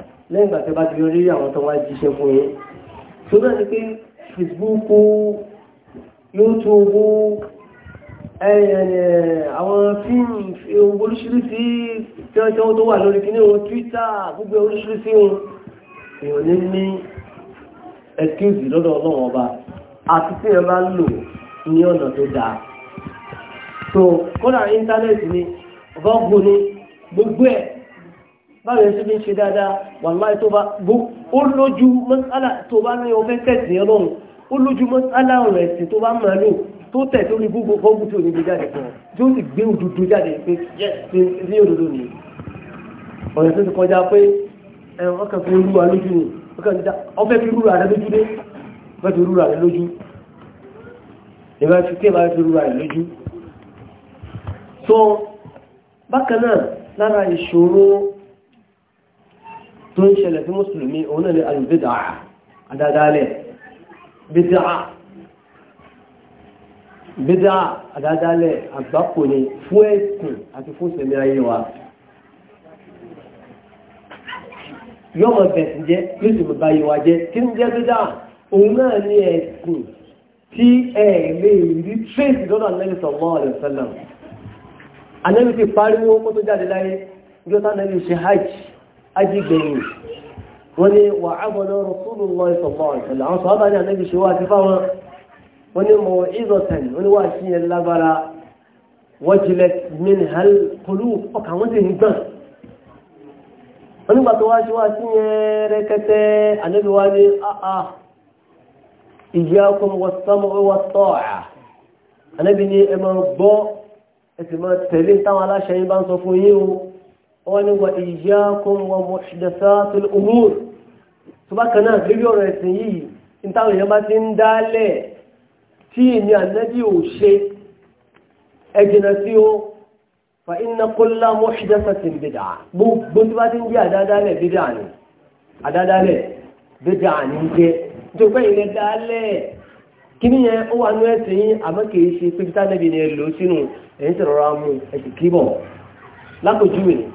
lẹ́yìn ìgbà tí bá ti rí àwọn tó wá jíṣẹ́ fún yín tó náà ni pé Facebook YouTube àwọn fíìmù oríṣiríṣi tẹ́wọ́tẹ́wọ́ tó wà lórí kíní o Twitter gbogbo oríṣiríṣi o èèyàn ní ní ẹ̀kíùsì lọ́dọ̀ ọlọ́wọ́n ọba àti tí ẹ bá lò ní ọ̀nà tó dáa so kódà íńtánẹ́ẹ̀tì ni gọ́ọ̀gù ni gbogbo ẹ̀ báwo ṣe fi ń ṣe dáadáa wàláì tó bá bú ó lójú mọ́sálà tó bá ní ọfẹ́ tẹ̀sí ọlọ́run ó lójú mọ́sálà ọ̀rọ̀ ẹ̀sìn tó bá máa lò tó tẹ̀ tó ní gbogbo fọ́gbù tí ò ní gbé jáde fún ọ tí ó sì gbé òdodo jáde pé ní òdodo ni ọ̀rẹ́ tó ti kọjá pé ọkàn fi rúra lójú ni ọfẹ́ fi rúra rẹ lójú dé ọfẹ́ fi rúra rẹ lójú ìbá fi ké bá fi rúra rẹ tó ń ṣẹlẹ̀ sí mùsùlùmí òun náà ni alìbìdà àdádálẹ̀ bìdà bìdà àdádálẹ̀ àgbákò ni fún ẹ̀sìn àti fún sẹ̀mí ayé wa yọ́mọ̀ bẹ̀sìn jẹ́ lóṣù bàbá yìí wa jẹ́ kí ń jẹ́ bìdà òun náà ni ẹ̀sìn tí ẹ̀ lè rí tírèsì lọ́dọ̀ Ànábì sallallahu alaihi ajígbẹ̀yìn wọ́n ní wà ábọ̀lọ́ rọ̀kúrù lọ ìsọ̀pọ̀ ìṣẹ̀lẹ̀ àwọn sọ̀rọ̀ ní àlẹ́bí ṣe wá sí fáwọn wọ́n ní mọ̀ ìzọ̀tàn wọ́n ní wà sí yẹn lágbára wọ́jìlẹ̀ minhal pẹ̀lú ọkà wọ́n sì ń gbọ̀n wọ́n nígbà tó wá sí wá sí yẹn rẹ́kẹ́tẹ́ ní àà ìyákùn wọ́sọ́mọ́ wọ́sọ́ à àlẹ́bí ní ẹ gbọ́ ẹ sì tẹ̀lé táwọn aláṣẹ bá ń sọ fún yín wọ́n ní wà iyyakum wa muhdathatil umur tó bá kan náà lórí ọ̀rọ̀ ẹ̀sìn yìí nítawọn èèyàn bá ti ń dálẹ̀ tí èmi ànábì ò ṣe ẹ̀jìnà sí ó fa inna kulla muhdathatin bid'ah gbogbo tí bá ti ń jẹ́ àdádálẹ̀ bídà ni àdádálẹ̀ bídà ni jẹ́ nítorí pé ìlẹ̀ dálẹ̀ kíní yẹn ó wà ní ẹ̀sìn yìí àmọ́ kìí ṣe pé bí ni ẹ lò sínú ẹ̀yìn tẹ̀rọra mú ẹ̀sìn kíbọ̀ lápòjúwe ni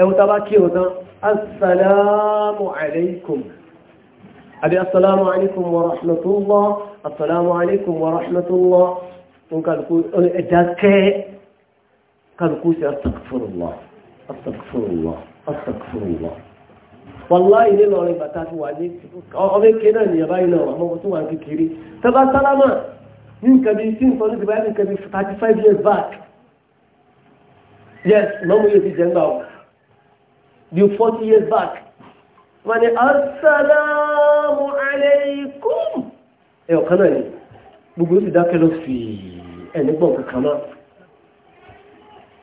ẹ̀wọ̀n tàbá kí o tán assalamu alaikum àbí assalamu alaikum wa rahmatullah assalamu alaikum wa rahmatullah fún ẹ̀dákẹ́ kálukú sí astagfirullah astagfirullah astagfirullah wàláì nínú ọ̀rẹ́ bàtà tí wà ní ọmọ kéèdà ní ẹ̀bá iná ọmọ tó wà kékeré tàbá sálámà ní nǹkan bí sí nǹkan ní nǹkan bí 35 years back yes mọ́mú yóò ti jẹ́ ńgbà wọn bí 40 years back Wani ni assalamu alaikum ẹ̀yọ̀ kan náà ni gbogbo ó sì dákẹ́ lọ fi ẹni gbọ́n kankan náà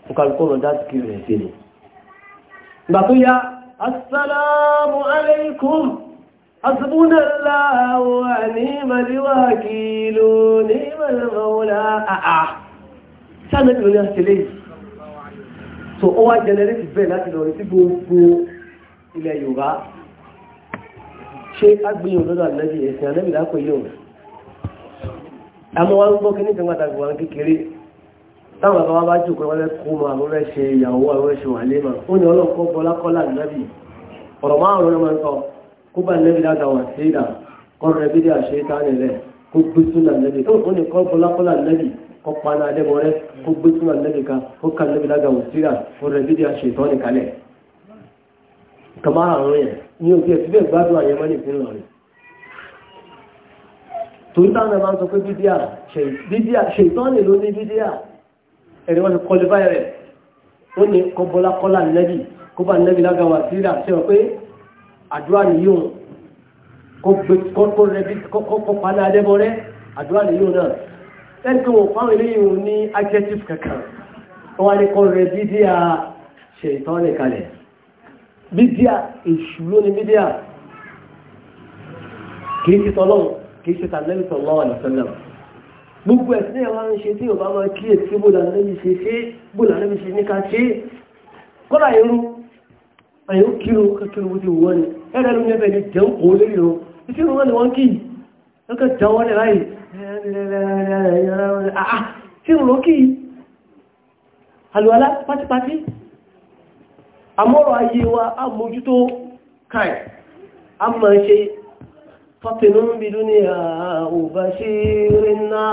ọkàlùkọ́ lọ dá sí rẹ̀ sí ni ìgbà tó yá assalamu alaikum asibúnà láàwọ̀ ní màlíwàkìlú ní màlíwàkìlú àà sáà so ó wá jẹnẹrétì bẹ́ẹ̀ láti lọ rí sí gbogbo ilẹ̀ yorùbá ṣé agbóyún lọ́dọ̀ àlẹ́bí ẹ̀sìn àlẹ́bí lápò yóò àmọ́ wọn ń gbọ́ kí ní ìtàn pàtàkì wọn kékeré táwọn bàbá bá jù pé wọ́n fẹ́ kó ma àwọn fẹ́ ṣe ìyàwó àwọn ẹ̀ṣẹ̀ wà lé ma ó ní ọlọ́kọ́ bọ́lá kọ́lá àlẹ́bí ọ̀rọ̀ márùn-ún ló máa ń sọ kó bá àlẹ́bí látàwọn àti ìdà kọ́ rẹ̀ bí dé àṣẹ ìtàn rẹ̀ kó gbé sún àlẹ́bí ó ní kọ́ bọ́lá kọ́lá àlẹ́bí kó paná adébọrẹ kó gbé súnmọ́ níbi kan kó kà níbi lága òsírà kó rẹ bídí aṣètọ́ nìkalẹ̀ kàmá àrùn yẹn ní òkè síbẹ̀ gbádùn àyẹ̀mọ́ nìpínlẹ̀ rẹ̀ torí táwọn ẹ̀mà ń sọ pé bídíà ṣètọ́ nì ló ní bídíà ẹ̀rẹ́ wọ́n ti kọlifá rẹ̀ ó ní kọbọlá kọlá nẹ́bì kó bá nẹ́bì lágàwà àdúrà nìyóò kó náà lẹ́gbẹ̀ẹ́ wọn fáwọn eléyìí wọn ní adjective kankan wọ́n wá ní kọ́ rẹ̀ bídíà ṣe ìtọ́ nìkalẹ̀ bídíà èṣù ló ní bídíà kìí ti tọ́lọ́ kìí ṣe tàbí sallallahu alaihi wasallam gbogbo ẹ̀sìn ẹ̀wà ń ṣe tí ò bá máa kíyè sí bóòlà níbi ṣe ṣe bóòlà níbi ṣe ní ká tí ń lókì àlùwàlá pátípátí àmọ́rọ̀ wa a mójútó káì a mọ̀ ṣe fọ́tínú bí dúníà òbá ṣe rí náà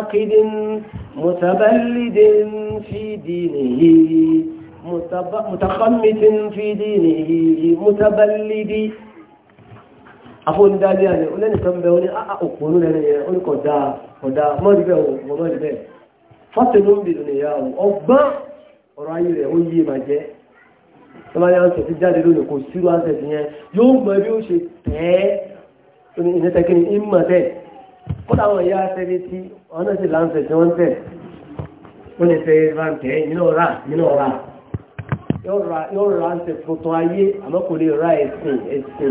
fi dìnìyí mọ̀tàbálìdì afọ́ni dáadé àní olẹ́nìkan bẹ oní ah, ah, òpònú lẹ́nu yẹn ó ní kọ̀dá kọ̀dá mọ́rìbẹ̀ ò mọ́rìbẹ̀ fọ́tẹ̀lú ń bèèrè nìyà ọgbọ́n ọ̀rọ̀ ayé rẹ̀ ó yé ma jẹ́ tọ́láyà ń sọ̀tí jáde lónìí kò sírò àṣẹ ti yẹn yóò mọ̀ bí ó ṣe tẹ́ ìnẹ́tẹ̀kiri ìmọ̀ tẹ́ kódà àwọn ìyá sẹ́rí tí wọ́n náà sì láǹfẹ̀ tí wọ́n tẹ̀ wọ́n lè fẹ́ ra ń tẹ́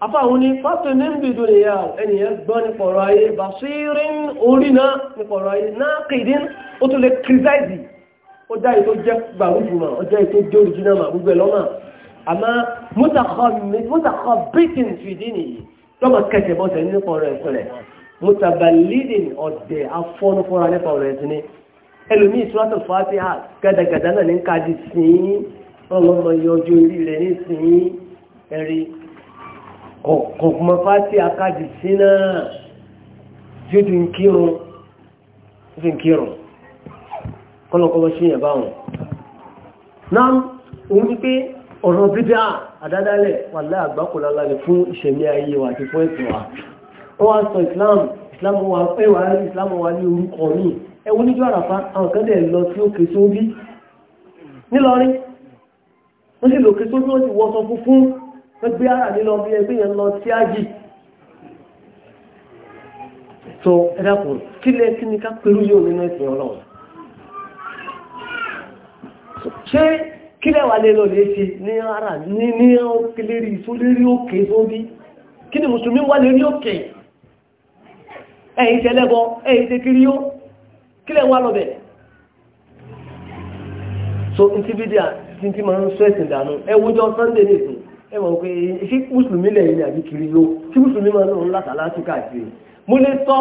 afáhun ni fásitì ní bìdó lè yà ẹniyàn gbọ́ nípa ọ̀rọ̀ ayé basirin orí náà nípa ọ̀rọ̀ ayé náà kìdín ó tún lè kìrìsáìdì ó já ètò jẹ́ gbàgbùjù mà ó já ètò jẹ́ òrìjìnà mà gbogbo ẹ̀ lọ́mà àmọ́ mútàkọ́ britain fìdí nìyí lọ́mọ kẹsẹ̀ bọ́sẹ̀ nípa ọ̀rọ̀ ìpínlẹ̀ mutabalidin ọ̀dẹ̀ afọ́nufọ́ra kò mọ fásí akájì sí náà tí ó ti ń kírun ó ti ń kírun kọ́lọ̀kọ́lọ́ sí ẹ̀bá wọn náà òun ní pé ọ̀rọ̀ bídá àdádálẹ̀ wà láà àgbákòlá lára fún ìṣẹ̀lẹ̀ ayé wa àti fún ẹ̀sìn wa ó wá sọ islam islam wa ẹwà islam wa ní orúkọ ní ẹwọ níjọ́ àràfá àwọn kan dẹ̀ lọ sí òkè sóbí nílọrin wọ́n sì lòkè sóbí wọ́n sì wọ́sọ fún fún ẹgbẹ́ ara nílọ bí ẹgbẹ́ yẹn lọ sí ájì so ẹ̀dàkùn kílẹ̀ kí ni ká pẹ̀lú yóò nínú ẹ̀sìn ọlọ́run ṣé kílẹ̀ wà lè lọ lè ṣe ní ara ní ní ọkẹlẹ́rí tó lérí òkè tó bí kí ni mùsùlùmí wà lérí òkè ẹ̀yìn tẹ́lẹ́bọ ẹ̀yìn tẹ́kiri yó kílẹ̀ wà lọ bẹ̀ so ntí bídíà tí ti máa ń sọ ẹ̀sìn dànù ẹwùjọ sunday nìkan ẹwọ̀n pé ṣí mùsùlùmí lẹ̀ ní àbí kiri yó tí mùsùlùmí máa ń lòun láta láti káàkiri mo lè sọ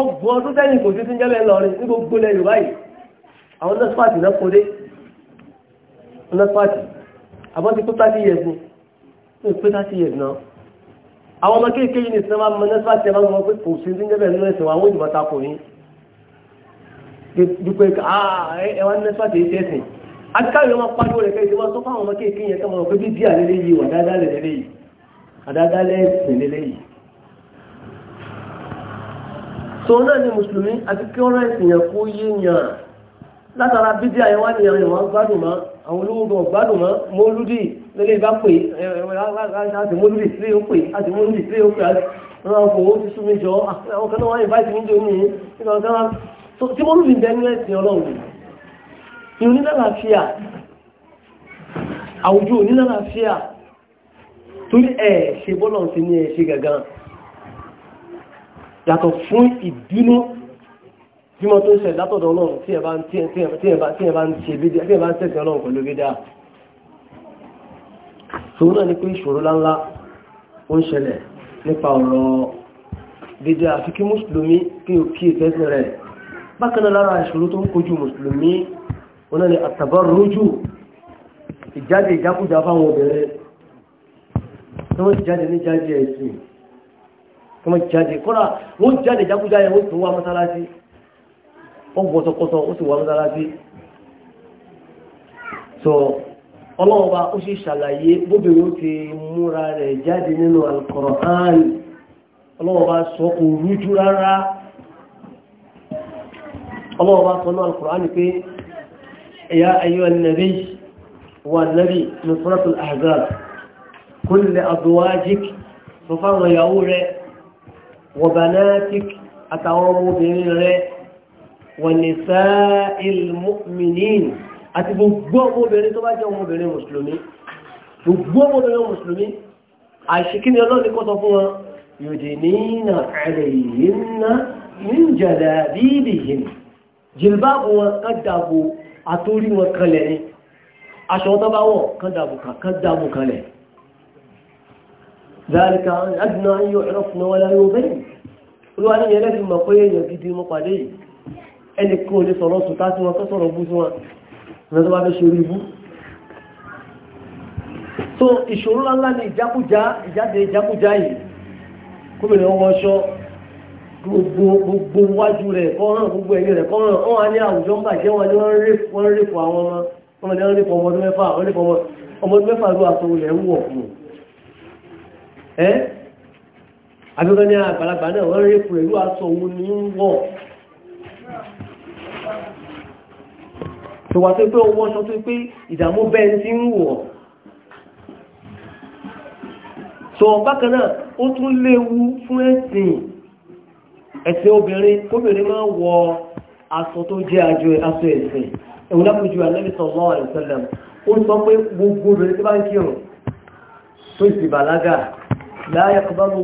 ọgbọ̀n ọdún sẹ́yìn kò sí sí jẹ́lẹ̀ lọrin ní gbogbo lẹ̀ yorùbá yìí àwọn nọ́sípàtì náà kó dé nọ́sípàtì àbọ̀ ti tó thirty years ni ní pé thirty years náà àwọn ọmọ kéèké yìí ní sinimá mọ nọ́sípàtì ẹ̀ máa ń mọ pé kò sí sí jẹ́lẹ̀ nínú ẹ̀sìn wa àwọn òyìnbó ta kò ní dúpẹ́ ẹ̀ akáyọ̀ máa pariwo rẹ̀ kẹ́ ìdíwọ́ tó fáwọn ọmọ kéèkéè yẹn kẹ́mọ̀ pé bíbí àlélé yìí wà dáadáa lẹ̀ lélẹ̀ yìí àdáadáa lẹ́sìn lélẹ̀ yìí so náà ni mùsùlùmí àti kí wọ́n rẹ̀sìn yẹn kó yé yàn látara bíbí àyẹ̀wò àníyàn yẹn wọ́n gbádùn mọ́ àwọn olówó gan gbádùn mọ́ mọ́lúdì lélẹ̀ bá pè àti mọ́lúdì sílé mọ́lúdì ìrún nílàlàáfíà àwùjọ nílàlàáfíà torí ẹ̀ ṣe bọ́lọ̀ sí ní ẹ̀ ṣe gàgán yàtọ̀ fún ìbínú bí mo tó ń ṣe látọ̀dọ̀ ọlọ́run tí ẹ bá ń ṣe bí díẹ̀ tí ẹ bá ń tẹ̀sẹ̀ ọlọ́run pẹ̀lú bí dáa tòun náà ni pé ìṣòro láńlá ó ń ṣẹlẹ̀ nípa ọ̀rọ̀ dédé àfi kí mùsùlùmí kí o kí ìfẹ́sẹ̀ rẹ̀ bákan náà lára ìṣòro tó ń kojú mùsùlùmí wọn náà ni àtàbárújú ìjáde ìjákújá fáwọn obìnrin tí wọ́n jáde ní jáde ẹ̀sìn tí wọ́n jáde kọ́ra wọ́n jáde ìjákújá yẹn wọ́n tún wá mọ́sálásí wọ́n bọ̀ tọkọtọ ó sì wá mọ́sálásí so ọlọ́wọ́ bá ó sì ṣàlàyé bóbìnrin ó ti múra rẹ̀ jáde nínú Al-Qur'an ọlọ́wọ́ bá sọ kò rújú rárá ọlọ́wọ́ bá sọ náà Al-Qur'an pé يا أيها النبي والنبي من صورة الأحزاب كل أضواجك يا ويأور وبناتك أتعاموا بمنه ونساء المؤمنين أتبقوا بني طبعا جاءوا بني مسلمين تبقوا بني مسلمين عشكين يلا لكو تفوها يدنين عليهم من جلابيبهم جلباب وقدبوا àtórí wọn kanlẹ̀ ni aṣọ tó bá wọ̀ kán dàbù kanlẹ̀ dáríkà adìnà yóò ẹ̀rọ̀fún wọn láyé obẹ́yìn olúwa ní ẹlẹ́bí mọ̀ pé èèyàn gidi mọ́ pàdé yìí ẹni kí o lè sọ̀rọ̀ sùtá sí wọn kọ́ bú sí wọn ìrìn bá fẹ́ ṣe orí ibú so ìṣòro ńlá ní ìjákújá ìjáde ìjákújá yìí kóbìnrin wọn ṣọ́ gbogbo gbogbo wájú rẹ̀ kọ́ràn gbogbo ẹ̀yìn rẹ̀ kọ́ràn wọ́n wá ní àwùjọ ń bàjẹ́ wọn ni wọ́n ń rèpò àwọn ọmọ ọmọ ni wọ́n rèpò ọmọ ọdún mẹ́fà wọ́n rèpò ọmọ ọdún mẹ́fà ló àtò ilẹ̀ ń wọ̀ fún ẹ́ abẹ́gbẹ́ ní àgbàlagbà náà wọ́n rèpò ìlú àtò òun ń wọ̀ tó wà tó pé owó ọṣọ tó pé ìdààmú bẹ́ẹ̀ ti ń wọ̀ sọ bákan náà ó tún léwu fún ẹ̀sìn ẹ̀sẹ̀ obìnrin kóbìnrin máa wọ aṣọ tó jẹ́ aṣọ ẹ̀sìn ẹ̀wọ̀n lápòjú Ànábì sallallahu alaihi wasallam ó sọ pé gbogbo obìnrin tó bá ń kírun tó sì bàlágà la yaqbalu